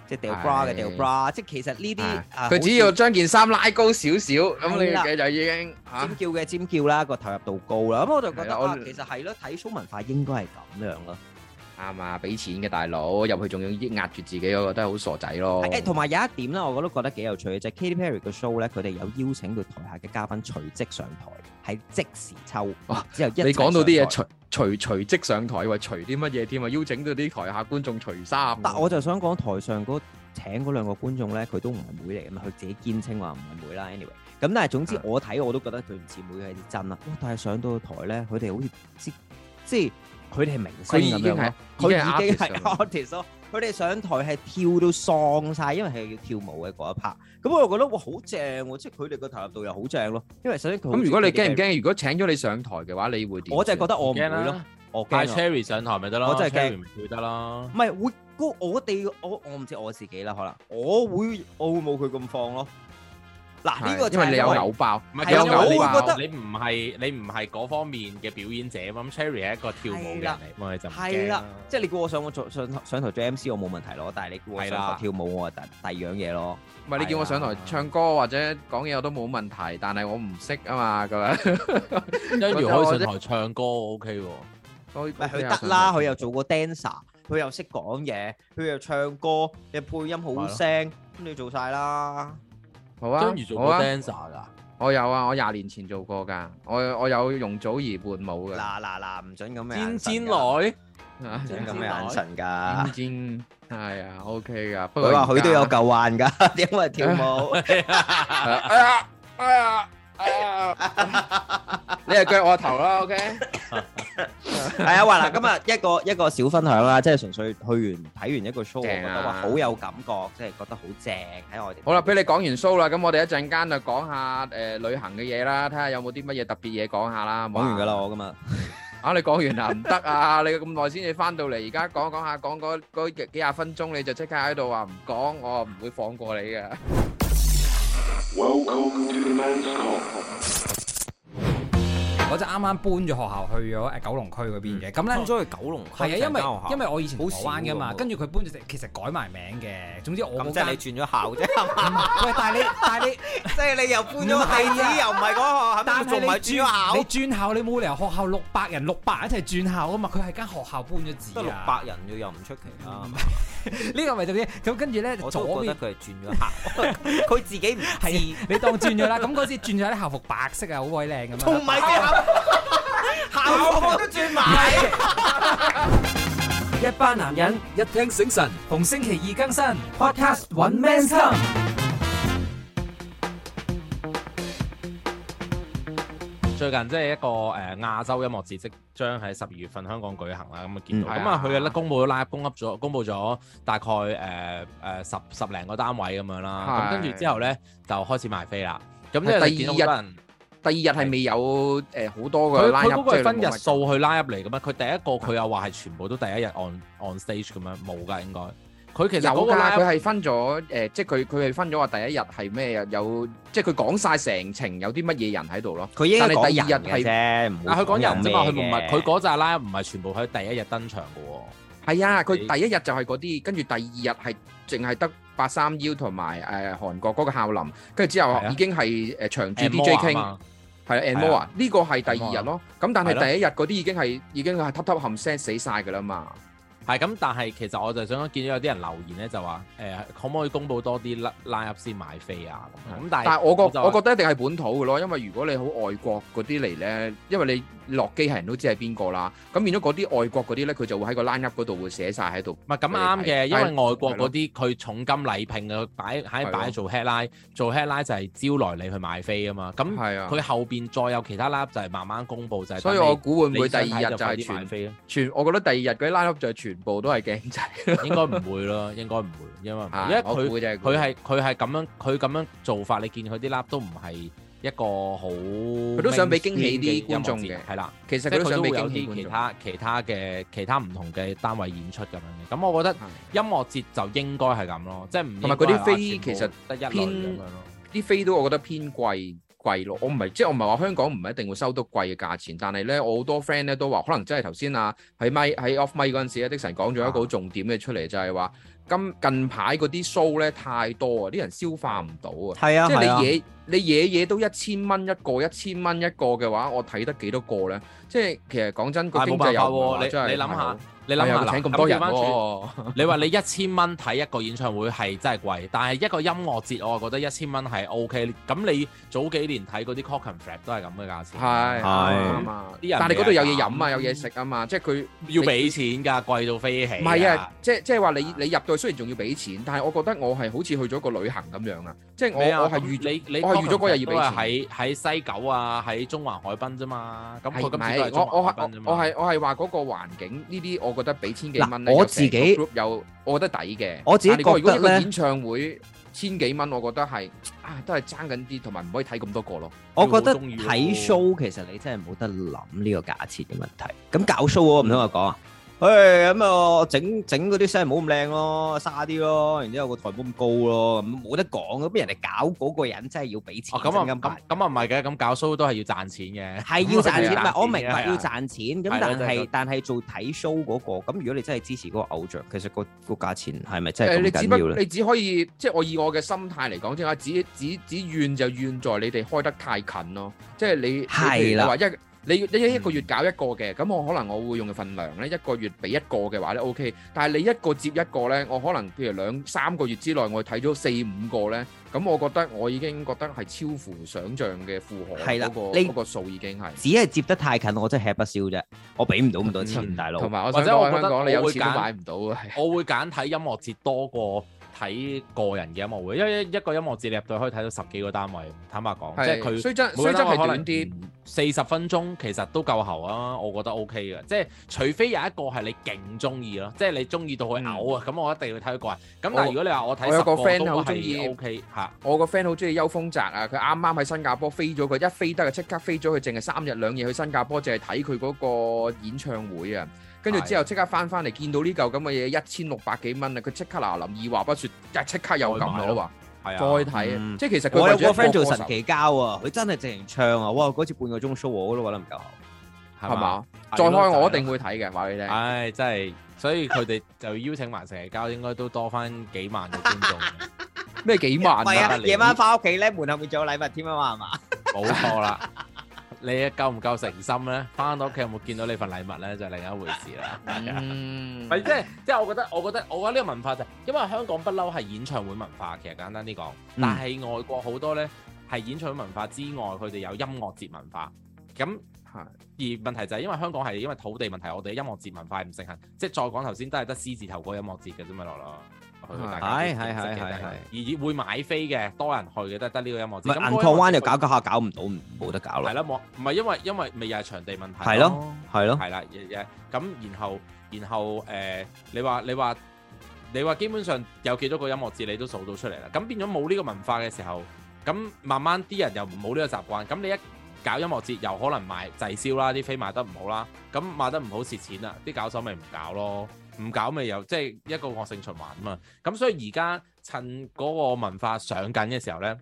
即係掉 bra 嘅掉 bra，即係其實呢啲佢只要將件衫拉高少少，咁你嘅就已經尖叫嘅尖叫啦，個投入度高啦。咁我就覺得啊，其實係咯，睇 show 文化應該係咁樣咯。啱啊，俾錢嘅大佬入去仲要壓住自己，我覺得好傻仔咯。誒，同埋有一點咧，我我都覺得幾有趣嘅就係、是、Katy Perry 嘅 show 咧，佢哋有邀請到台下嘅嘉賓隨即上台，係即時抽。哇、啊！之後一你講到啲嘢隨隨隨即上台，話隨啲乜嘢添啊？邀請到啲台下觀眾隨衫。但、嗯、我就想講台上嗰請嗰兩個觀眾咧，佢都唔係妹嚟嘅嘛，佢自己堅稱話唔係妹啦。Anyway，咁但係總之我睇、嗯、我都覺得佢唔似妹係真啦。哇！但係上到個台咧，佢哋好似即即。佢哋係明星咁樣咯，佢已經係 artist 咯，佢哋了上台係跳到喪晒，因為係要跳舞嘅嗰一 part。咁我又覺得哇好正喎，即係佢哋個投入度又好正咯。因為首先咁如果你驚唔驚？如果請咗你上台嘅話，你會點？我就覺得我唔會啦。派 Cherry 上台咪得咯，我真係驚唔會得啦。唔係會我哋我我唔知我自己啦，可能我會我會冇佢咁放咯。嗱，呢個因為你有扭爆，唔係有扭啊！我覺得你唔係你唔係嗰方面嘅表演者咁，Cherry 係一個跳舞嘅人嚟，咪就唔驚。即係你估我上網上上台做 MC 我冇問題咯，但係你估我上台跳舞我第二樣嘢咯。咪你叫我上台唱歌或者講嘢我都冇問題，但係我唔識啊嘛咁樣。跟住可以上台唱歌，OK 喎。咪佢得啦，佢又做過 dancer，佢又識講嘢，佢又唱歌，又配音好聲，咁你做曬啦。好啊，我有啊，我廿年前做過噶，我我有容祖兒伴舞嘅。嗱嗱嗱，唔准咁樣。尖尖女，整咁嘅眼神噶。尖尖，係啊，OK 噶。佢話佢都有舊患噶，點為跳舞？哎呀，哎呀，哎呀，你係鋸我頭啦，OK。係啊，話，嗱，今日一個一個小分享啦，即係純粹去完睇完一個 show，我覺得話好有感覺，即係覺得好正喺我哋。好啦，俾你講完 show 啦，咁我哋一陣間就講下誒旅行嘅嘢啦，睇下有冇啲乜嘢特別嘢講下啦。講完噶啦，我今日。啊，你講完啦？唔得啊！你咁耐先至翻到嚟，而家講講下講嗰嗰幾廿分鐘，你就即刻喺度話唔講，我唔會放過你嘅。我就啱啱搬咗學校去咗誒九龍區嗰邊嘅，咁咧搬咗去九龍區。係啊，因為因為我以前台灣嘅嘛，跟住佢搬咗，其實改埋名嘅。總之我咁，即係你轉咗校啫。喂，但係你但係你即係你又搬咗係，你又唔係嗰個學校，但係你你轉校你冇理由學校六百人六百一齊轉校啊嘛？佢係間學校搬咗字啊，六百人又唔出奇啊。呢個咪就係咁，跟住咧左邊。我覺得佢係轉咗校，佢自己係你當轉咗啦。咁嗰次轉咗啲校服白色啊，好鬼靚咁啊，同埋 下都轉埋，一班男人一聽醒神，逢星期二更新。Podcast Men's Come。最近即係一個誒亞、呃、洲音樂節，即將喺十二月份香港舉行啦。咁啊，見到咁啊，佢啊公布咗拉公布咗公布咗大概誒誒、呃、十十零個單位咁樣啦。咁跟住之後咧就開始賣飛啦。咁即係第二日。第二日係未有誒好多嘅拉入，佢分日數去拉入嚟嘅咩？佢第一個佢又話係全部都第一日 on on stage 咁樣冇㗎，應該佢其實 up, 有㗎，佢係分咗誒、呃，即係佢佢係分咗話第一日係咩有，即係佢講晒成程有啲乜嘢人喺度咯。佢已經講曬啫，但係佢講人唔知話佢冇乜，佢嗰陣拉唔係全部喺第一日登場嘅喎。係啊，佢第一日就係嗰啲，跟住第二日係淨係得八三夭同埋誒韓國嗰個孝林，跟住之後已經係誒長駐 DJ King。係啊，Emoa 呢個係第二日咯，咁 and more. 但係第一日嗰啲已經係 Yeah. 已經係 top top 含死晒㗎喇嘛。係咁，但係其實我就想講，見到有啲人留言咧，就話誒、欸，可唔可以公布多啲拉拉入先買飛啊？咁但係，但係我覺我，我覺得一定係本土嘅咯，因為如果你好外國嗰啲嚟咧，因為你落機係人都知係邊個啦。咁變咗嗰啲外國嗰啲咧，佢就會喺個拉入嗰度會寫晒喺度乜咁啱嘅，嗯、因為外國嗰啲佢重金禮聘啊，擺喺擺，擺做 headline 的做 headline 就係招來你去買飛啊嘛。咁佢後邊再有其他拉入就係慢慢公布就係，是。所以我估會唔會第二日就係傳飛咧？我覺得第二日嗰啲拉入就係傳。全部都係經濟，應該唔會咯，應該唔會， 因為唔會佢佢係佢係咁樣佢咁樣做法，你見佢啲粒都唔係一個好，佢都想俾驚喜啲觀眾嘅，係啦，其實佢都想俾驚喜其他 其他嘅其他唔同嘅單位演出咁樣嘅，咁我覺得音樂節就應該係咁咯，即係唔同埋嗰啲飛，其實一樣偏啲飛都我覺得偏貴。貴咯，我唔係即係我唔係話香港唔係一定會收到貴嘅價錢，但係咧我好多 friend 咧都話，可能真係頭先啊喺麥喺 off 麥嗰陣時咧的神講咗一個好重點嘅出嚟，就係話今近排嗰啲 show 咧太多啊，啲人消化唔到啊，係啊，即係你嘢，你嘢嘢都一千蚊一個，一千蚊一個嘅話，我睇得幾多個咧？即係其實講真個、啊、經濟有冇辦法？你你諗下？你諗下請咁多人喎！你話你一千蚊睇一個演唱會係真係貴，但係一個音樂節我覺得一千蚊係 OK。咁你早幾年睇嗰啲 Clockenflap 都係咁嘅價錢，係係啊嘛！啲人但係嗰度有嘢飲啊，有嘢食啊嘛，即係佢要俾錢㗎，貴到飛起。唔係啊，即係即係話你你入到雖然仲要俾錢，但係我覺得我係好似去咗個旅行咁樣啊！即係我我係預咗你係預咗嗰日要俾錢喺喺西九啊，喺中環海濱啫嘛。咁我今次都係中環海濱啫嘛。我係我係話嗰個環境呢啲我。覺得俾千幾蚊咧我自己有，有我覺得抵嘅。我自己覺得如果一個演唱會千幾蚊，我覺得係啊，都係爭緊啲，同埋唔可以睇咁多個咯。我覺得睇 show 其實你真係冇得諗呢個價錢嘅問題。咁搞 show 我唔通我講啊。誒，咁啊，整整嗰啲聲冇咁靚咯，沙啲咯，然之後個台冇咁高咯，咁冇得講。咁人哋搞嗰個人真係要俾錢。咁啊，咁咁啊唔係嘅，咁搞 show 都係要賺錢嘅。係要賺錢，唔係，我明白要賺錢。咁但係但係做睇 show 嗰個，咁如果你真係支持嗰個偶像，其實個個價錢係咪真係咁緊要咧？你只可以即係我以我嘅心態嚟講啫，只只只怨就怨在你哋開得太近咯。即係你係啦，話一。你一一個月搞一個嘅，咁、嗯、我可能我會用嘅份量咧，一個月俾一個嘅話咧 OK，但係你一個接一個咧，我可能譬如兩三個月之內我4，我睇咗四五個咧，咁我覺得我已經覺得係超乎想象嘅負荷嗰、嗰個、個數已經係，只係接得太近，我真係吃不消啫，我俾唔到咁多錢，大佬，或者我覺得我你有錢買唔到。我會揀睇音樂節多過。睇個人嘅音樂會，因為一一個音樂節你入到可以睇到十幾個單位。坦白講，是即係佢，雖則雖係短啲，四十分鐘其實都夠喉啊，我覺得 O K 嘅。即係除非有一個係你勁中意咯，嗯、即係你中意到佢嘔啊，咁、嗯、我一定會睇嗰個人。咁但係如果你話我睇十個，OK，我有個 friend 好中意，O K 嚇。是 OK, 是我個 friend 好中意邱鋒澤啊，佢啱啱喺新加坡飛咗，佢一飛得就即刻飛咗，佢淨係三日兩夜去新加坡，淨係睇佢嗰個演唱會啊。跟住之後即刻翻翻嚟，見到呢嚿咁嘅嘢一千六百幾蚊啊！佢即刻嗱臨，二話不說，即刻又撳我話，係啊，再睇啊！即係其實佢有個 friend 做神奇交啊，佢真係直情唱啊！哇，嗰次半個鐘 show 我都覺得唔夠，係嘛？再開我一定會睇嘅，話畀你聽。唉，真係，所以佢哋就邀請埋神奇交，應該都多翻幾萬嘅觀眾。咩幾萬啊？夜晚翻屋企咧，門後面仲有禮物添啊嘛，係嘛？冇錯啦。你夠唔夠誠心呢？翻到屋企有冇見到你份禮物呢？就係另一回事啦。唔係即係我覺得我覺得我覺得呢個文化就係因為香港不嬲係演唱會文化，其實簡單啲講，但係外國好多呢係演唱會文化之外，佢哋有音樂節文化。咁而問題就係因為香港係因為土地問題，我哋音樂節文化唔盛行，即係再講頭先都係得獅子頭個音樂節嘅啫嘛，落啦。係係係係係，而以會買飛嘅多人去嘅都得呢個音樂節。銀礦灣又搞搞下搞唔到，冇得搞啦。係啦，冇唔係因為因為未係場地問題。係咯，係咯，係啦，嘢嘢。咁然後然後誒，你話你話你話，基本上有幾多個音樂節你都數到出嚟啦。咁變咗冇呢個文化嘅時候，咁慢慢啲人又冇呢個習慣。咁你一搞音樂節又可能賣滯銷啦，啲飛賣得唔好啦，咁賣得唔好蝕錢啦，啲搞手咪唔搞咯。唔搞咪又即係一個惡性循環啊嘛，咁所以而家趁嗰個文化上緊嘅時候咧，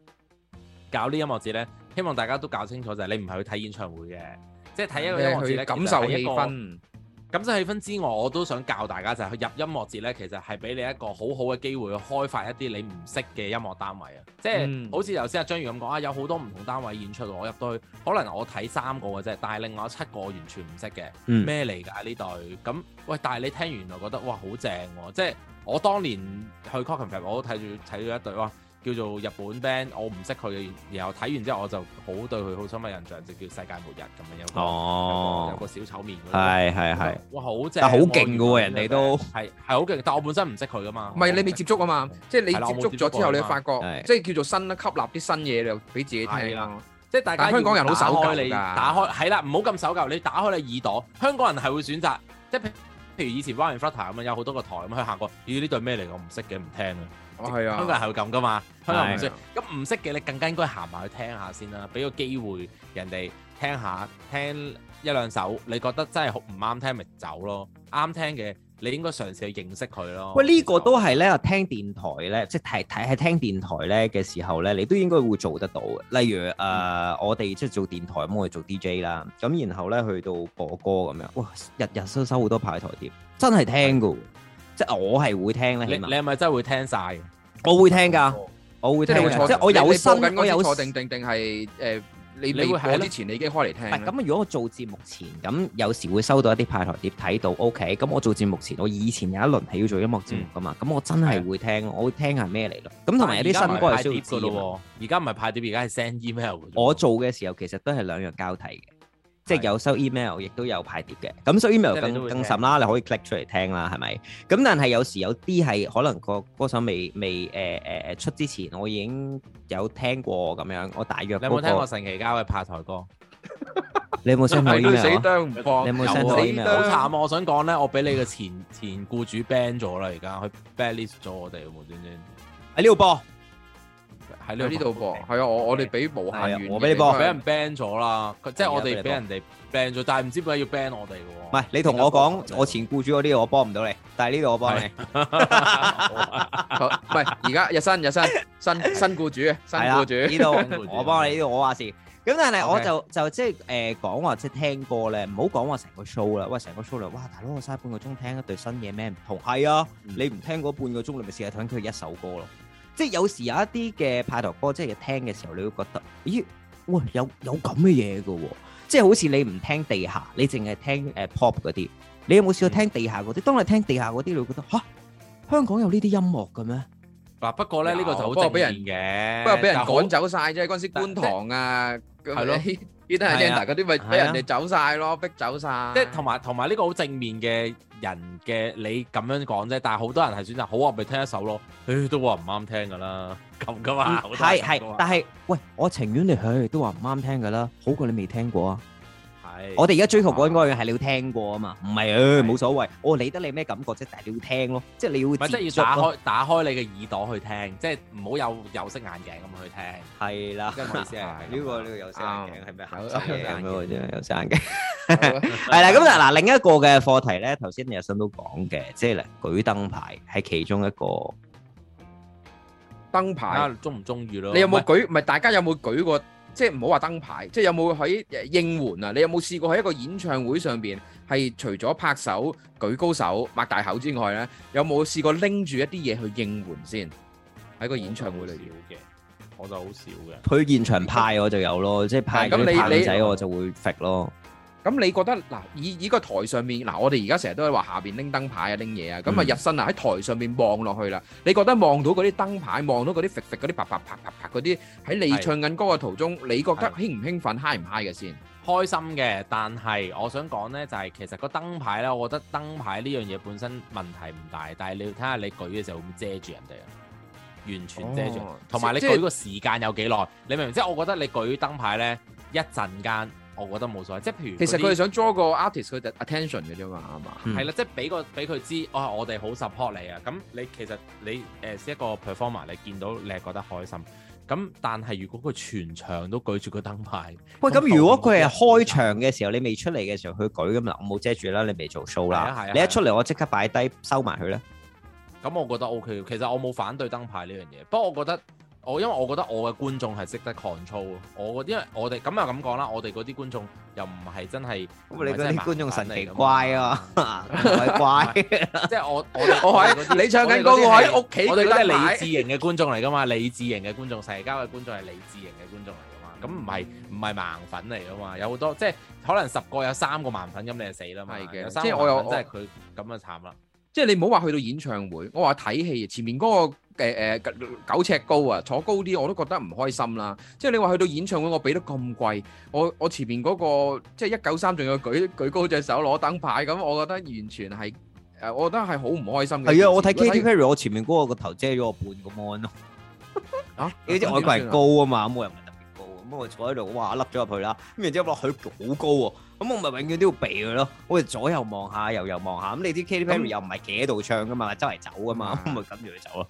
搞啲音樂節咧，希望大家都搞清楚就係你唔係去睇演唱會嘅，即係睇一個音樂節感受氣氛。嗯嗯嗯。咁即係氣氛之外，我都想教大家就係、是、去入音樂節呢，其實係俾你一個好好嘅機會去開發一啲你唔識嘅音樂單位啊！即係、嗯、好似頭先阿張宇咁講啊，有好多唔同單位演出我入到去，可能我睇三個嘅啫，但係另外七個完全唔識嘅，咩嚟㗎呢隊？咁喂，但係你聽完就覺得哇好正喎！即係我當年去 Copenhagen 我都睇住睇咗一隊喎。叫做日本 band，我唔識佢嘅。然後睇完之後我就好對佢好深刻印象，就叫世界末日咁樣有個有個小丑面，係係係，哇好正，好勁嘅喎，人哋都係係好勁，但我本身唔識佢噶嘛，唔係你未接觸啊嘛，即係你接觸咗之後你發覺即係叫做新一吸納啲新嘢嚟俾自己睇啦，即係大家香港人好守舊㗎，打開係啦，唔好咁守舊，你打開你耳朵，香港人係會選擇即係譬如以前 Running Flutter 咁啊，有好多個台咁去行過，咦呢對咩嚟我唔識嘅，唔聽啊。係、哦、啊，香港人係會咁噶嘛？香港唔識，咁唔識嘅你更加應該行埋去聽下先啦，俾個機會人哋聽下，聽一兩首，你覺得真係好唔啱聽咪走咯，啱聽嘅你應該嘗試去認識佢咯。喂，呢、這個都係咧，聽電台咧，即係睇喺聽電台咧嘅時候咧，你都應該會做得到。例如誒、呃嗯，我哋即係做電台咁，我哋做 DJ 啦，咁然後咧去到播歌咁樣，哇，日日收收好多派台碟，真係聽噶。即係我係會聽咧，起碼你係咪真係會聽晒？我會聽噶，我會聽。你坐即係我有心，我有坐定定定係誒，你你係之前你已經開嚟聽。咁如果我做節目前，咁有時會收到一啲派台碟睇到，OK。咁我做節目前，我以前有一輪係要做音樂節目噶嘛，咁我真係會聽，我會聽下咩嚟咯。咁同埋有啲新歌係需要。而家唔係派碟，而家係 send email。我做嘅時候其實都係兩樣交替嘅。即係有收 email，亦都有派碟嘅。咁收 email 更更甚啦，你可以 click 出嚟聽啦，係咪？咁但係有時有啲係可能個歌手未未誒誒、呃、出之前，我已經有聽過咁樣。我大約、嗰個、你有冇聽過《神奇家》嘅拍台歌？ 你有冇收到 email？你有冇收到 email？好慘啊！我想講咧，我俾你嘅前前僱主 ban 咗啦，而家佢 blacklist 咗我哋無端端喺呢度播。喺你呢度播，係啊，我我哋俾無限，我俾你播，俾人 ban 咗啦。即係我哋俾人哋 ban 咗，但係唔知點解要 ban 我哋嘅。唔係你同我講，我前僱主嗰啲我幫唔到你，但係呢度我幫你。喂，而家日新日新新新僱主，新僱主呢度我幫你呢度，我話事。咁但係我就就即係誒講話即係聽歌咧，唔好講話成個 show 啦。喂，成個 show 嚟，哇！大佬我嘥半個鐘聽一對新嘢咩唔同？係啊，你唔聽嗰半個鐘，你咪試下聽佢一首歌咯。即係有時有一啲嘅派台歌，即係聽嘅時候，你會覺得，咦，哇，有有咁嘅嘢嘅喎！即係好似你唔聽地下，你淨係聽誒 pop 嗰啲，你有冇試過聽地下嗰啲？當你聽地下嗰啲，你會覺得吓，香港有呢啲音樂嘅咩？嗱，不過咧，呢個就好正面嘅，不過俾人趕走晒啫。嗰陣時觀塘啊，係咯。啲人 i n g 嗰啲咪俾人哋走晒咯，逼走晒！即係同埋同埋呢個好正面嘅人嘅，你咁樣講啫。但係好多人係選擇好我咪聽一首咯。誒都話唔啱聽㗎啦，咁咁嘛。係係，嗯、但係喂，我情願你去都話唔啱聽㗎啦，好過你未聽過啊。我哋而家追求嗰應該嘅係你要聽過啊嘛，唔係誒冇所謂，我理得你咩感覺啫，但係你要聽咯，即係你要打開打開你嘅耳朵去聽，即係唔好有有色眼鏡咁去聽。係啦，呢個呢個有色眼鏡係咩有色眼鏡？係啦，咁啊嗱，另一個嘅課題咧，頭先你日新都講嘅，即係咧舉燈牌係其中一個燈牌中唔中意咯？你有冇舉？唔係大家有冇舉過？即係唔好話燈牌，即係有冇喺應援啊？你有冇試過喺一個演唱會上邊係除咗拍手、舉高手、擘大口之外咧，有冇試過拎住一啲嘢去應援先？喺個演唱會嚟嘅，我就好少嘅。佢現場派我就有咯，即係派嘅派女仔我就會揈咯。咁你覺得嗱，以依個台上面嗱，我哋而家成日都係話下邊拎燈牌啊，拎嘢啊，咁啊日新啊喺台上面望落去啦。你覺得望到嗰啲燈牌，望到嗰啲揈揈嗰啲啪啪啪啪嗰啲，喺你唱緊歌嘅途中，是你覺得興唔興奮嗨唔嗨嘅先？是 hi hi 開心嘅，但係我想講呢，就係、是、其實個燈牌咧，我覺得燈牌呢樣嘢本身問題唔大，但係你要睇下你舉嘅時候會唔會遮住人哋啊？完全遮住，同埋你舉個時間有幾耐？你明唔明？即係即我覺得你舉燈牌呢，一陣間。我覺得冇所謂，即係譬如，其實佢係想 draw 個 artist 佢嘅 attention 嘅啫嘛，係嘛？係啦，即係俾個俾佢知，我我哋好 support 你啊！咁你其實你誒一個 performer 你見到你係覺得開心。咁但係如果佢全場都舉住個燈牌，喂，咁樣如果佢係開場嘅時候，你未出嚟嘅時候，佢舉咁啦，我冇遮住啦，你未做 show 啦。係啊係啊！啊你一出嚟，啊、我即刻擺低收埋佢咧。咁我覺得 OK，其實我冇反對燈牌呢樣嘢，不過我覺得。我因為我覺得我嘅觀眾係識得 control 嘅，我嗰啲因為我哋咁又咁講啦，我哋嗰啲觀眾又唔係真係，你嗰啲觀眾神奇乖啊！唔係乖，即係我我我喺你唱緊歌，我喺屋企，我哋都係理智型嘅觀眾嚟噶嘛，理智型嘅觀眾，社交嘅觀眾係理智型嘅觀眾嚟噶嘛，咁唔係唔係盲粉嚟噶嘛，有好多即係可能十個有三個盲粉，咁你就死啦嘛，即係我有即係佢咁啊慘啦，即係你唔好話去到演唱會，我話睇戲前面嗰個。誒誒九尺高啊，坐高啲我都覺得唔開心啦。即係你話去到演唱會，我俾得咁貴，我我前邊嗰個即係一九三，仲要舉舉高隻手攞燈牌，咁我覺得完全係誒，我覺得係好唔開心嘅。係啊，我睇 Katy Perry，我前邊嗰個個頭遮咗我半個芒咯。啊，呢啲外國高啊嘛，咁我又唔係特別高，咁我坐喺度，哇凹咗入去啦。咁然之後落去好高喎，咁我咪永遠都要避佢咯。我哋左右望下，右又望下。咁你啲 Katy Perry 又唔係企喺度唱噶嘛，周圍走噶嘛，咁咪跟住佢走咯。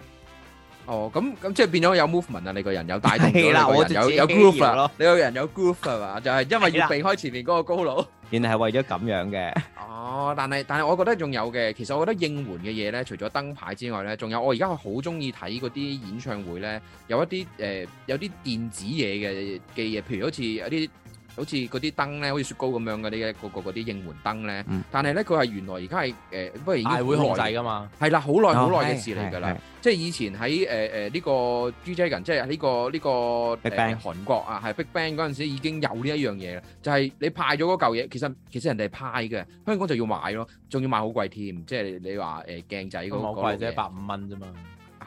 哦，咁咁即係變咗有 movement 啊！你個人有帶動。係啦的，我有有 groove 咯，你個人有 groove 係嘛？就係因為要避開前面嗰個高佬，原來係為咗咁樣嘅。哦，但係但係，我覺得仲有嘅。其實我覺得應援嘅嘢咧，除咗燈牌之外咧，仲有我而家好中意睇嗰啲演唱會咧，有一啲誒、呃，有啲電子嘢嘅嘅嘢，譬如好似有啲。好似嗰啲燈咧，好似雪糕咁樣嗰啲，那個個嗰啲應援燈咧。嗯、但係咧，佢係原來而家係誒，不過而家係會控制噶嘛。係啦，好耐好耐嘅事嚟㗎啦。即係以前喺誒誒呢個 G Dragon，即係呢個呢、呢個誒韓、呃、韓國啊，係 Big Bang 嗰陣時已經有呢一樣嘢嘅，就係、是、你派咗嗰嚿嘢，其實其實人哋派嘅，香港就要買咯，仲要買好貴添。即係你話誒鏡仔嗰個好貴啫，一百五蚊啫嘛。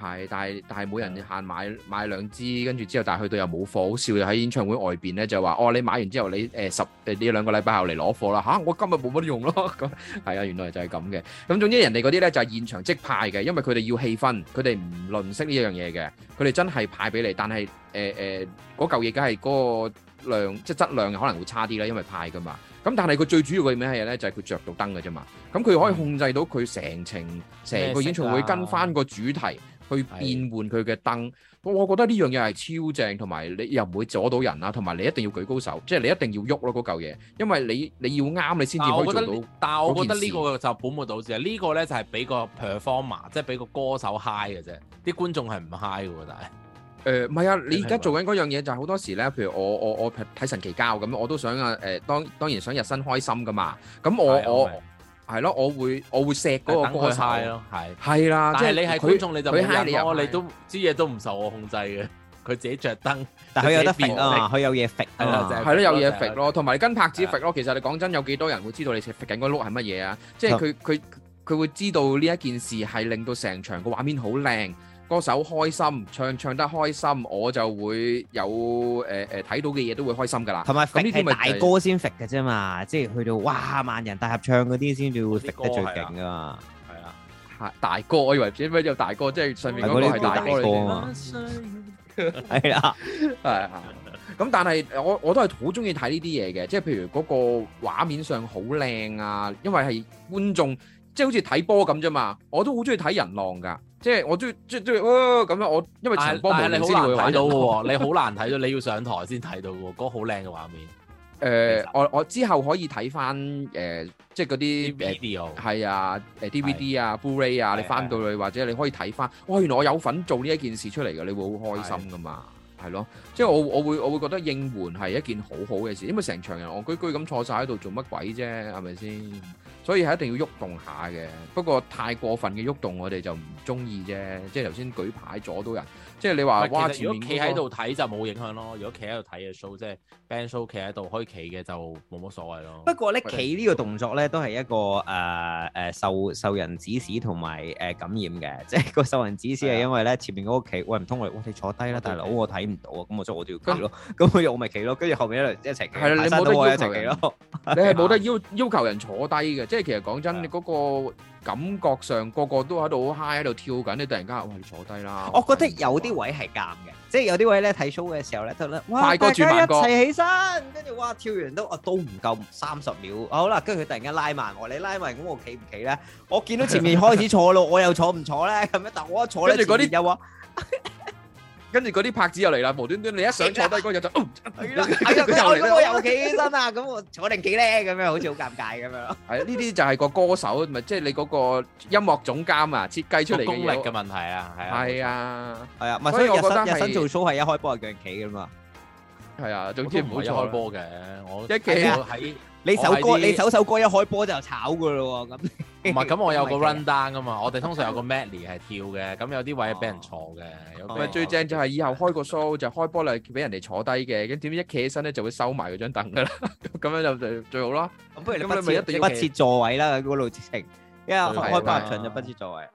係，但係但係每人限買買兩支，跟住之後，但係去到又冇貨，好笑又喺演唱會外邊咧就話：哦，你買完之後你誒、呃、十誒呢、呃、兩個禮拜後嚟攞貨啦嚇、啊！我今日冇乜用咯。咁係啊，原來就係咁嘅。咁總之人哋嗰啲咧就係、是、現場即派嘅，因為佢哋要氣氛，佢哋唔吝嗇呢一樣嘢嘅，佢哋真係派俾你。但係誒誒嗰嚿嘢梗係嗰個量即質量可能會差啲啦，因為派㗎嘛。咁但係佢最主要嘅咩嘢咧就係佢着到燈㗎啫嘛。咁佢可以控制到佢成程成、嗯、個演唱會跟翻個主題。嗯去變換佢嘅燈，我的我覺得呢樣嘢係超正，同埋你又唔會阻到人啊，同埋你一定要舉高手，即係你一定要喐咯嗰嚿嘢，因為你你要啱你先至可以做到。但係我覺得呢個就本末倒置啊！呢、呢個呢就係俾個 performer，即係俾個歌手 high 嘅啫，啲觀眾係唔 high 㗎喎，但係誒唔係啊！的你而家做緊嗰樣嘢就係好多時呢，譬如我我我睇神奇膠咁，我都想啊誒，當、呃、當然想日新開心㗎嘛，咁我我。的係咯，我會我會錫嗰個波曬咯，係係啦。但係你係觀眾你就唔得咯，你都啲嘢都唔受我控制嘅，佢自己着燈，但係有得揈啊，佢有嘢揈係啦，係咯有嘢揈咯，同埋跟拍子揈咯。其實你講真，有幾多人會知道你食緊個碌係乜嘢啊？即係佢佢佢會知道呢一件事係令到成場個畫面好靚。歌手開心唱唱得開心，我就會有誒誒睇到嘅嘢都會開心噶啦。同埋咁呢啲咪大歌先 fit 嘅啫嘛，即係去到哇萬人大合唱嗰啲先至會 fit 得最勁噶嘛。係啊，啊，大歌，我以為唔知咩就大歌，即係上面嗰啲係大歌。啊。係啦，係啊。咁、 啊、但係我我都係好中意睇呢啲嘢嘅，即係譬如嗰個畫面上好靚啊，因為係觀眾即係好似睇波咁啫嘛。我都好中意睇人浪噶。即係我中意，都都都咁樣，我因為陳光平先睇到喎，你好難睇到，你要上台先睇到嘅喎，嗰個好靚嘅畫面。誒，我我之後可以睇翻誒，即係嗰啲 video 係啊，誒 DVD 啊 Blu-ray 啊，你翻到去或者你可以睇翻。哇，原來我有份做呢一件事出嚟嘅，你會好開心噶嘛？係咯，即係我我會我會覺得應援係一件好好嘅事，因為成場人戇居居咁坐晒喺度做乜鬼啫？係咪先？所以一定要喐動,動一下嘅，不過太過分嘅喐動,動我哋就唔鍾意啫，即係頭先舉牌阻到人。即係你話，哇！如果企喺度睇就冇影響咯。如果企喺度睇嘅 show，即係 band show，企喺度可以企嘅就冇乜所謂咯。不過咧，企呢個動作咧都係一個誒誒受受人指使同埋誒感染嘅。即係個受人指使係因為咧前面嗰個企，喂唔通我，我哋坐低啦大佬，我睇唔到啊，咁我坐都要企咯。咁佢我咪企咯。跟住後面一齊企，係啦，你冇得要要求人坐低嘅。即係其實講真，你嗰個。感覺上個個都喺度好 high 喺度跳緊，你突然間，哇，你坐低啦！我覺得有啲位係啱嘅，即係有啲位咧睇 show 嘅時候咧，覺得哇，起起快歌轉慢歌，一齊起身，跟住哇，跳完都啊都唔夠三十秒，好啦，跟住佢突然間拉慢我你拉慢咁我企唔企咧？我見到前面開始坐咯， 我又坐唔坐咧？咁樣，但我一坐咧，跟住嗰啲又啊～ 跟住嗰啲拍子又嚟啦，無端端你一想坐低嗰日就，係咯，佢又嚟啦，我又企起身啦，咁我坐定企咧？咁樣好似好尷尬咁樣咯。係呢啲就係個歌手咪即係你嗰個音樂總監啊，設計出嚟嘅功力嘅問題啊，係啊，係啊，係啊，唔係，所以我覺得係日新做 show 係一開波就企嘅嘛。係啊，總之唔好一開波嘅，我一企就喺你首歌，你首首歌一開波就炒嘅咯喎，咁。唔係，咁 我有個 Rundown 㗎嘛，我哋通常有個 medley 係跳嘅，咁有啲位係俾人坐嘅。唔、oh. oh. 最正就係以後開個 show 就開玻璃俾人哋坐低嘅，咁點知一企起身咧就會收埋嗰張凳噶啦，咁 樣就最好咯。咁不如你咪一，定一不設座位啦，嗰度直情，因為開個場就不設座位。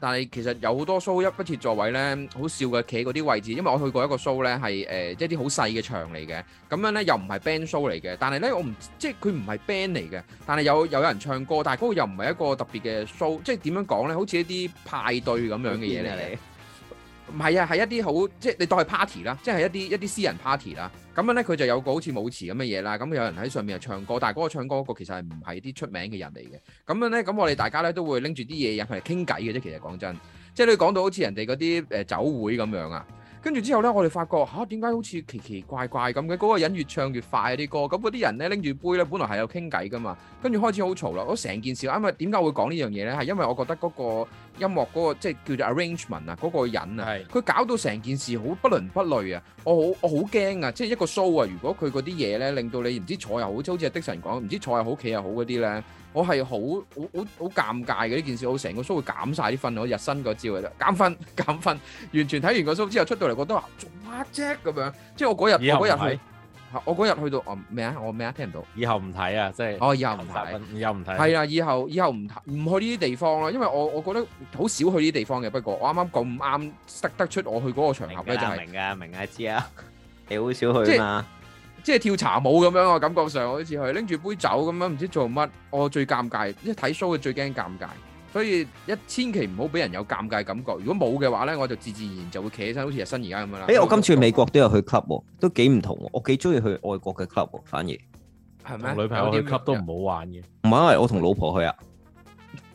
但係其實有好多 show 一不設座位呢，好笑嘅企嗰啲位置，因為我去過一個 show 呢，係、呃即係、一即係啲好細嘅場嚟嘅，咁樣咧又唔係 band show 嚟嘅，但係呢，我唔即係佢唔係 band 嚟嘅，但係有，有有人唱歌，但係嗰個又唔係一個特別嘅 show，即係點樣講咧？好似一啲派對咁樣嘅嘢嚟，唔係啊，係一啲好即係你當係 party 啦，即係一啲一啲私人 party 啦。咁樣咧，佢就有個好似舞池咁嘅嘢啦。咁有人喺上面唱歌，但係嗰個唱歌嗰個其實係唔係啲出名嘅人嚟嘅。咁樣咧，咁我哋大家咧都會拎住啲嘢飲嚟傾偈嘅啫。其實講真的，即係你講到好似人哋嗰啲誒酒會咁樣啊。跟住之後呢，我哋發覺嚇點解好似奇奇怪怪咁嘅？嗰、那個人越唱越快啲、啊、歌，咁嗰啲人呢拎住杯呢，本來係有傾偈噶嘛，跟住開始好嘈啦。我成件事，因為啊！點解會講呢樣嘢呢？係因為我覺得嗰個音樂嗰、那個即係叫做 arrangement 啊，嗰個人啊，佢是搞到成件事好不倫不類啊！我好我好驚啊！即係一個 show 啊，如果佢嗰啲嘢呢，令到你唔知坐又好，即好似的神講，唔知坐又好企又好嗰啲呢。我係好好好好尷尬嘅呢件事，我成個 show 會減晒啲分，我日新嗰招嚟嘅，減分減分，完全睇完個 show 之後出到嚟覺得話做乜啫咁樣，即係我嗰日我嗰日係，我嗰日去到啊咩啊我咩啊聽唔到，以後唔睇啊，即係，哦，以後唔睇，以後唔睇，係啊，以後以後唔唔去呢啲地方啦，因為我我覺得好少去呢啲地方嘅，不過我啱啱咁啱識得出我去嗰個場合咧就係，是，明㗎明㗎知啊，你好少去嘛。就是即係跳茶舞咁樣，我感覺上好似去拎住杯酒咁樣，唔知做乜。我最尷尬，一睇 show 嘅最驚尷尬，所以一千祈唔好俾人有尷尬感覺。如果冇嘅話咧，我就自自然就會企起身，好似日新而家咁樣啦。誒、欸，我今次去美國都有去 club，都幾唔同。我幾中意去外國嘅 club，反而係咩？女朋友啲 club 都唔好玩嘅，唔係因為我同老婆去啊，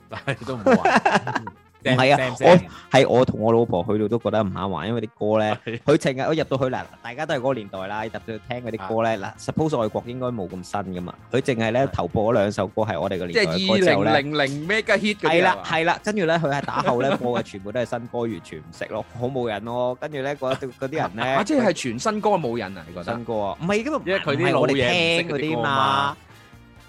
但係都唔好玩。唔係啊，我係我同我老婆去到都覺得唔啱玩，因為啲歌咧，佢淨啊，我入到去嗱，大家都係嗰個年代啦，特別聽嗰啲歌咧嗱，suppose 外國應該冇咁新噶嘛，佢淨係咧頭播嗰兩首歌係我哋個年代嘅零零咩嘅 hit，係啦係啦，跟住咧佢係打後咧播嘅全部都係新歌，完全唔識咯，好冇癮咯，跟住咧嗰嗰啲人咧，啊，即係全新歌冇人啊，新歌啊，唔係因為，唔係我哋聽嗰啲嘛。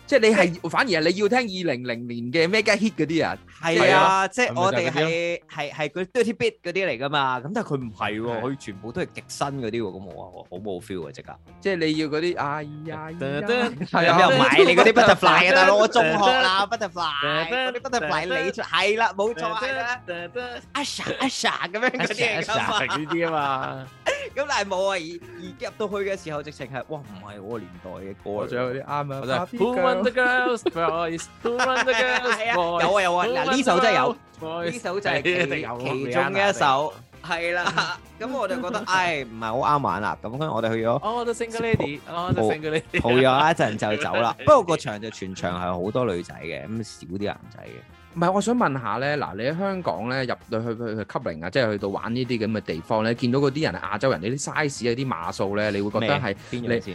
即係你係反而係你要聽二零零年嘅 mega hit 嗰啲啊，係啊，即係我哋係係係嗰 dirty beat 嗰啲嚟噶嘛，咁但係佢唔係喎，佢全部都係極新嗰啲喎，咁我話好冇 feel 啊，即刻！即係你要嗰啲啊呀呀，有咩買你嗰啲 butterfly 大佬，我中學啦 butterfly，嗰啲 butterfly 你出係啦，冇錯啊，阿 Sa 阿 Sa 咁樣嗰啲啊，成呢啲啊嘛，咁但係冇啊，而而入到去嘅時候直情係哇唔係我個年代嘅歌啊，仲有啲啱啊，好啊。The girls, boys, the girls, boys。係啊，有啊有啊，嗱呢首真係有，呢首就係其中嘅一首，係啦。咁我哋就覺得，唉，唔係好啱玩啦。咁所以我哋去咗，哦，就 single lady，哦就 single lady，抱咗一陣就走啦。不過個場就全場係好多女仔嘅，咁少啲男仔嘅。唔係，我想問下咧，嗱，你喺香港咧入去去去 clubbing 啊，即係去到玩呢啲咁嘅地方咧，見到嗰啲人係亞洲人，嗰啲 size 啊、啲碼數咧，你會覺得係邊件事？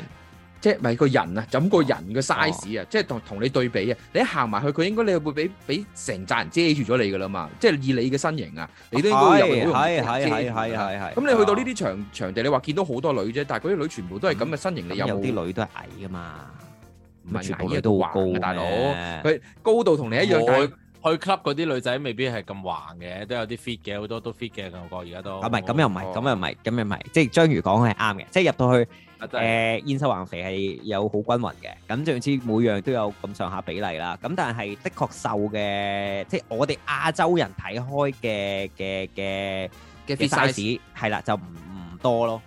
即係咪個人啊？咁個人嘅 size 啊，即係同同你對比啊，你一行埋去佢應該你會俾俾成扎人遮住咗你噶啦嘛。即係以你嘅身形啊，你都應該有唔到容易。係係咁你去到呢啲場場地，你話見到好多女啫，但係嗰啲女全部都係咁嘅身形，你有冇？有啲女都係矮噶嘛，唔係矮部都都高。大佬佢高度同你一樣，去 club 嗰啲女仔未必係咁橫嘅，都有啲 fit 嘅，好多都 fit 嘅。我覺而家都。啊唔係，咁又唔係，咁又唔係，咁又唔係，即係章魚講係啱嘅，即係入到去。誒，燕瘦、啊呃、環肥係有好均勻嘅，咁就似每樣都有咁上下比例啦。咁但係的確瘦嘅，即、就、係、是、我哋亞洲人睇開嘅嘅嘅嘅 size 係啦，就唔唔多咯。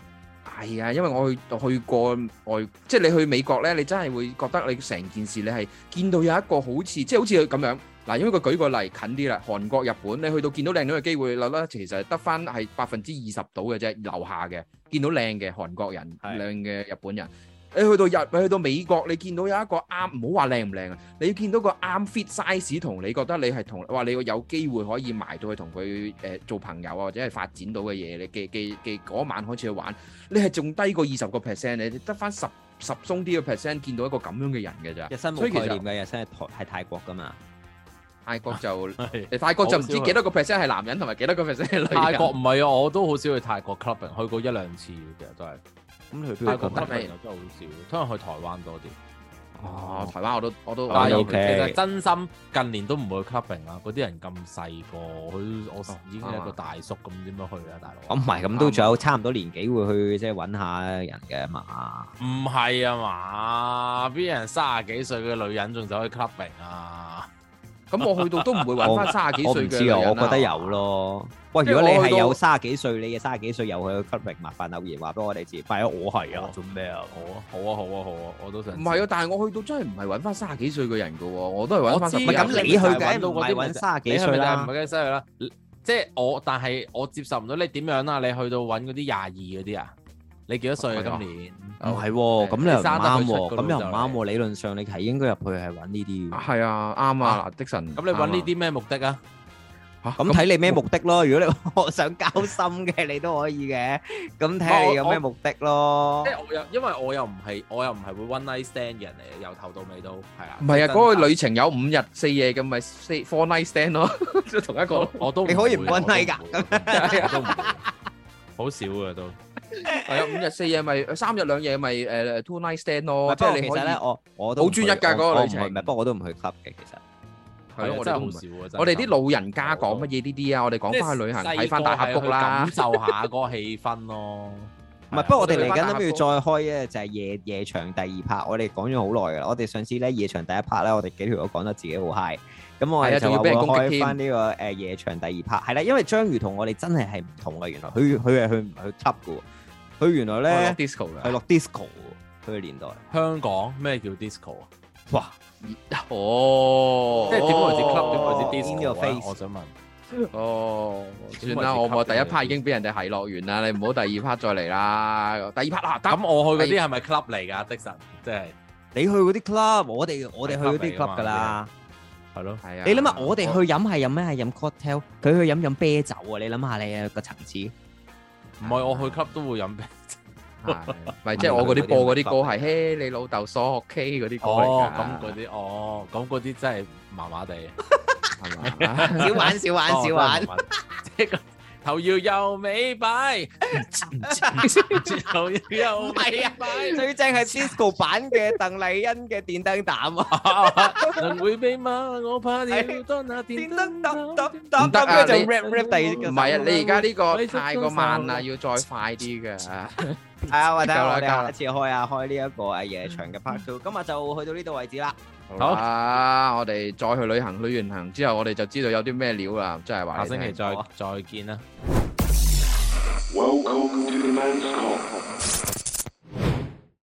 係啊、哎，因為我去我去過外，即係你去美國咧，你真係會覺得你成件事你係見到有一個好似即係好似佢咁樣。嗱，因為佢舉個例近啲啦，韓國、日本，你去到見到靚女嘅機會率呢，其實得翻係百分之二十到嘅啫，樓下嘅見到靚嘅韓國人靚嘅是的 日本人，你去到日，你去到美國，你見到有一個啱，唔好話靚唔靚啊，你要見到個啱 fit size 同你覺得你係同話你有機會可以埋到去同佢誒做朋友啊，或者係發展到嘅嘢，你嘅嘅嘅嗰晚開始去玩，你係仲低過二十個 percent，你得翻十十鬆啲嘅 percent 見到一個咁樣嘅人嘅咋？日薪冇概念嘅，日薪係泰國噶嘛？泰國就 是泰國就唔知幾多個 percent 係男人同埋幾多個 percent 係女人。泰國唔係啊，我都好少去泰國 club 去過一兩次其實都係。咁去泰國 clubbing 真係好少，通常去台灣多啲。哦，哦台灣我都我都。我都但係是其實真心近年都唔會 clubbing 啦、啊，嗰啲人咁細個，佢我已經係一個大叔咁點樣啊去啊，大佬。唔係，咁都仲有差唔多年紀會去即係揾下人嘅嘛。唔係啊嘛，邊人三十幾歲嘅女人仲走去 clubbing 啊？咁我去到都唔會揾翻卅幾歲嘅人，我唔知啊，我覺得有咯。喂，如果你係有卅幾歲，你嘅卅幾歲又去吸明麻煩留言話俾我哋知。但係我係啊，做咩啊？我好啊，好啊，好啊！我都想唔係啊，但係我去到真係唔係揾翻卅幾歲嘅人噶，我都係揾翻十。唔係咁你去嘅，唔係揾卅幾歲，唔係咁犀利啦。即係我，但係我接受唔到。你點樣啊？你去到揾嗰啲廿二嗰啲啊？你幾多歲啊？今年唔係喎，咁又唔啱喎，咁又唔啱喎。理論上你係應該入去係揾呢啲，係啊，啱啊，的神。咁你揾呢啲咩目的啊？咁睇你咩目的咯？如果你我想交心嘅，你都可以嘅。咁睇你有咩目的咯？因為我又因為我又唔係我又唔係會 one night stand 嘅人嚟，由頭到尾都係啊。唔係啊，嗰個旅程有五日四夜嘅，咪四 four night stand 咯，即係同一個我都。你可以唔 one night 噶，好少嘅都。係啊，五日四夜咪三日兩夜咪誒，two night stand 咯。即係你其實咧，我我都好專一噶嗰個旅程。不過我都唔去 club 嘅，其實係咯，真係好少啊。真係我哋啲老人家講乜嘢呢啲啊？我哋講翻去旅行，睇翻大峽谷啦，感受下嗰個氣氛咯。唔係，不過我哋嚟緊都要再開咧，就係夜夜場第二 part。我哋講咗好耐噶啦，我哋上次咧夜場第一 part 咧，我哋幾條友講得自己好 high。咁我哋就攻開翻呢個誒夜場第二 part。係啦，因為章魚同我哋真係係唔同噶。原來佢佢係去去 club 噶。佢原來咧係落 disco 嘅，佢嘅年代。香港咩叫 disco 啊？哇！哦，即係點樣嚟自 club，點樣嚟自 disco 啊？我想問。哦，算啦，我我第一 part 已經俾人哋係落完啦，你唔好第二 part 再嚟啦。第二 part 啦。咁我去嗰啲係咪 club 嚟噶？的神，即係你去嗰啲 club，我哋我哋去嗰啲 club 噶啦。係咯，係啊。你諗下，我哋去飲係飲咩？係飲 cocktail，佢去飲飲啤酒啊！你諗下，你嘅個層次。唔係我去 club 都會飲啤酒，唔係 即係我嗰啲播嗰啲歌係，嘿 "Hey, 你老豆所學 K 嗰啲歌，嚟嘅、哦。咁嗰啲，哦咁嗰啲真係麻麻地，係咪？少玩少玩少玩，即係 頭搖又尾擺， 頭搖又尾擺， 最正係 Cisco 版嘅鄧麗欣嘅電燈膽啊！唔會被罵，我怕你當電燈打打打，就 rap rap 哋唔係啊？你而家呢個太過慢啦，就 seul，要再快啲噶。 係啊，我睇下我哋下一次開啊開呢一個啊夜場嘅 part two。今日就去到呢度為止啦。好啊，我哋再去旅行去完行之後，我哋就知道有啲咩料啦，即係話。下星期再好再見啦。Welcome to Men's Come!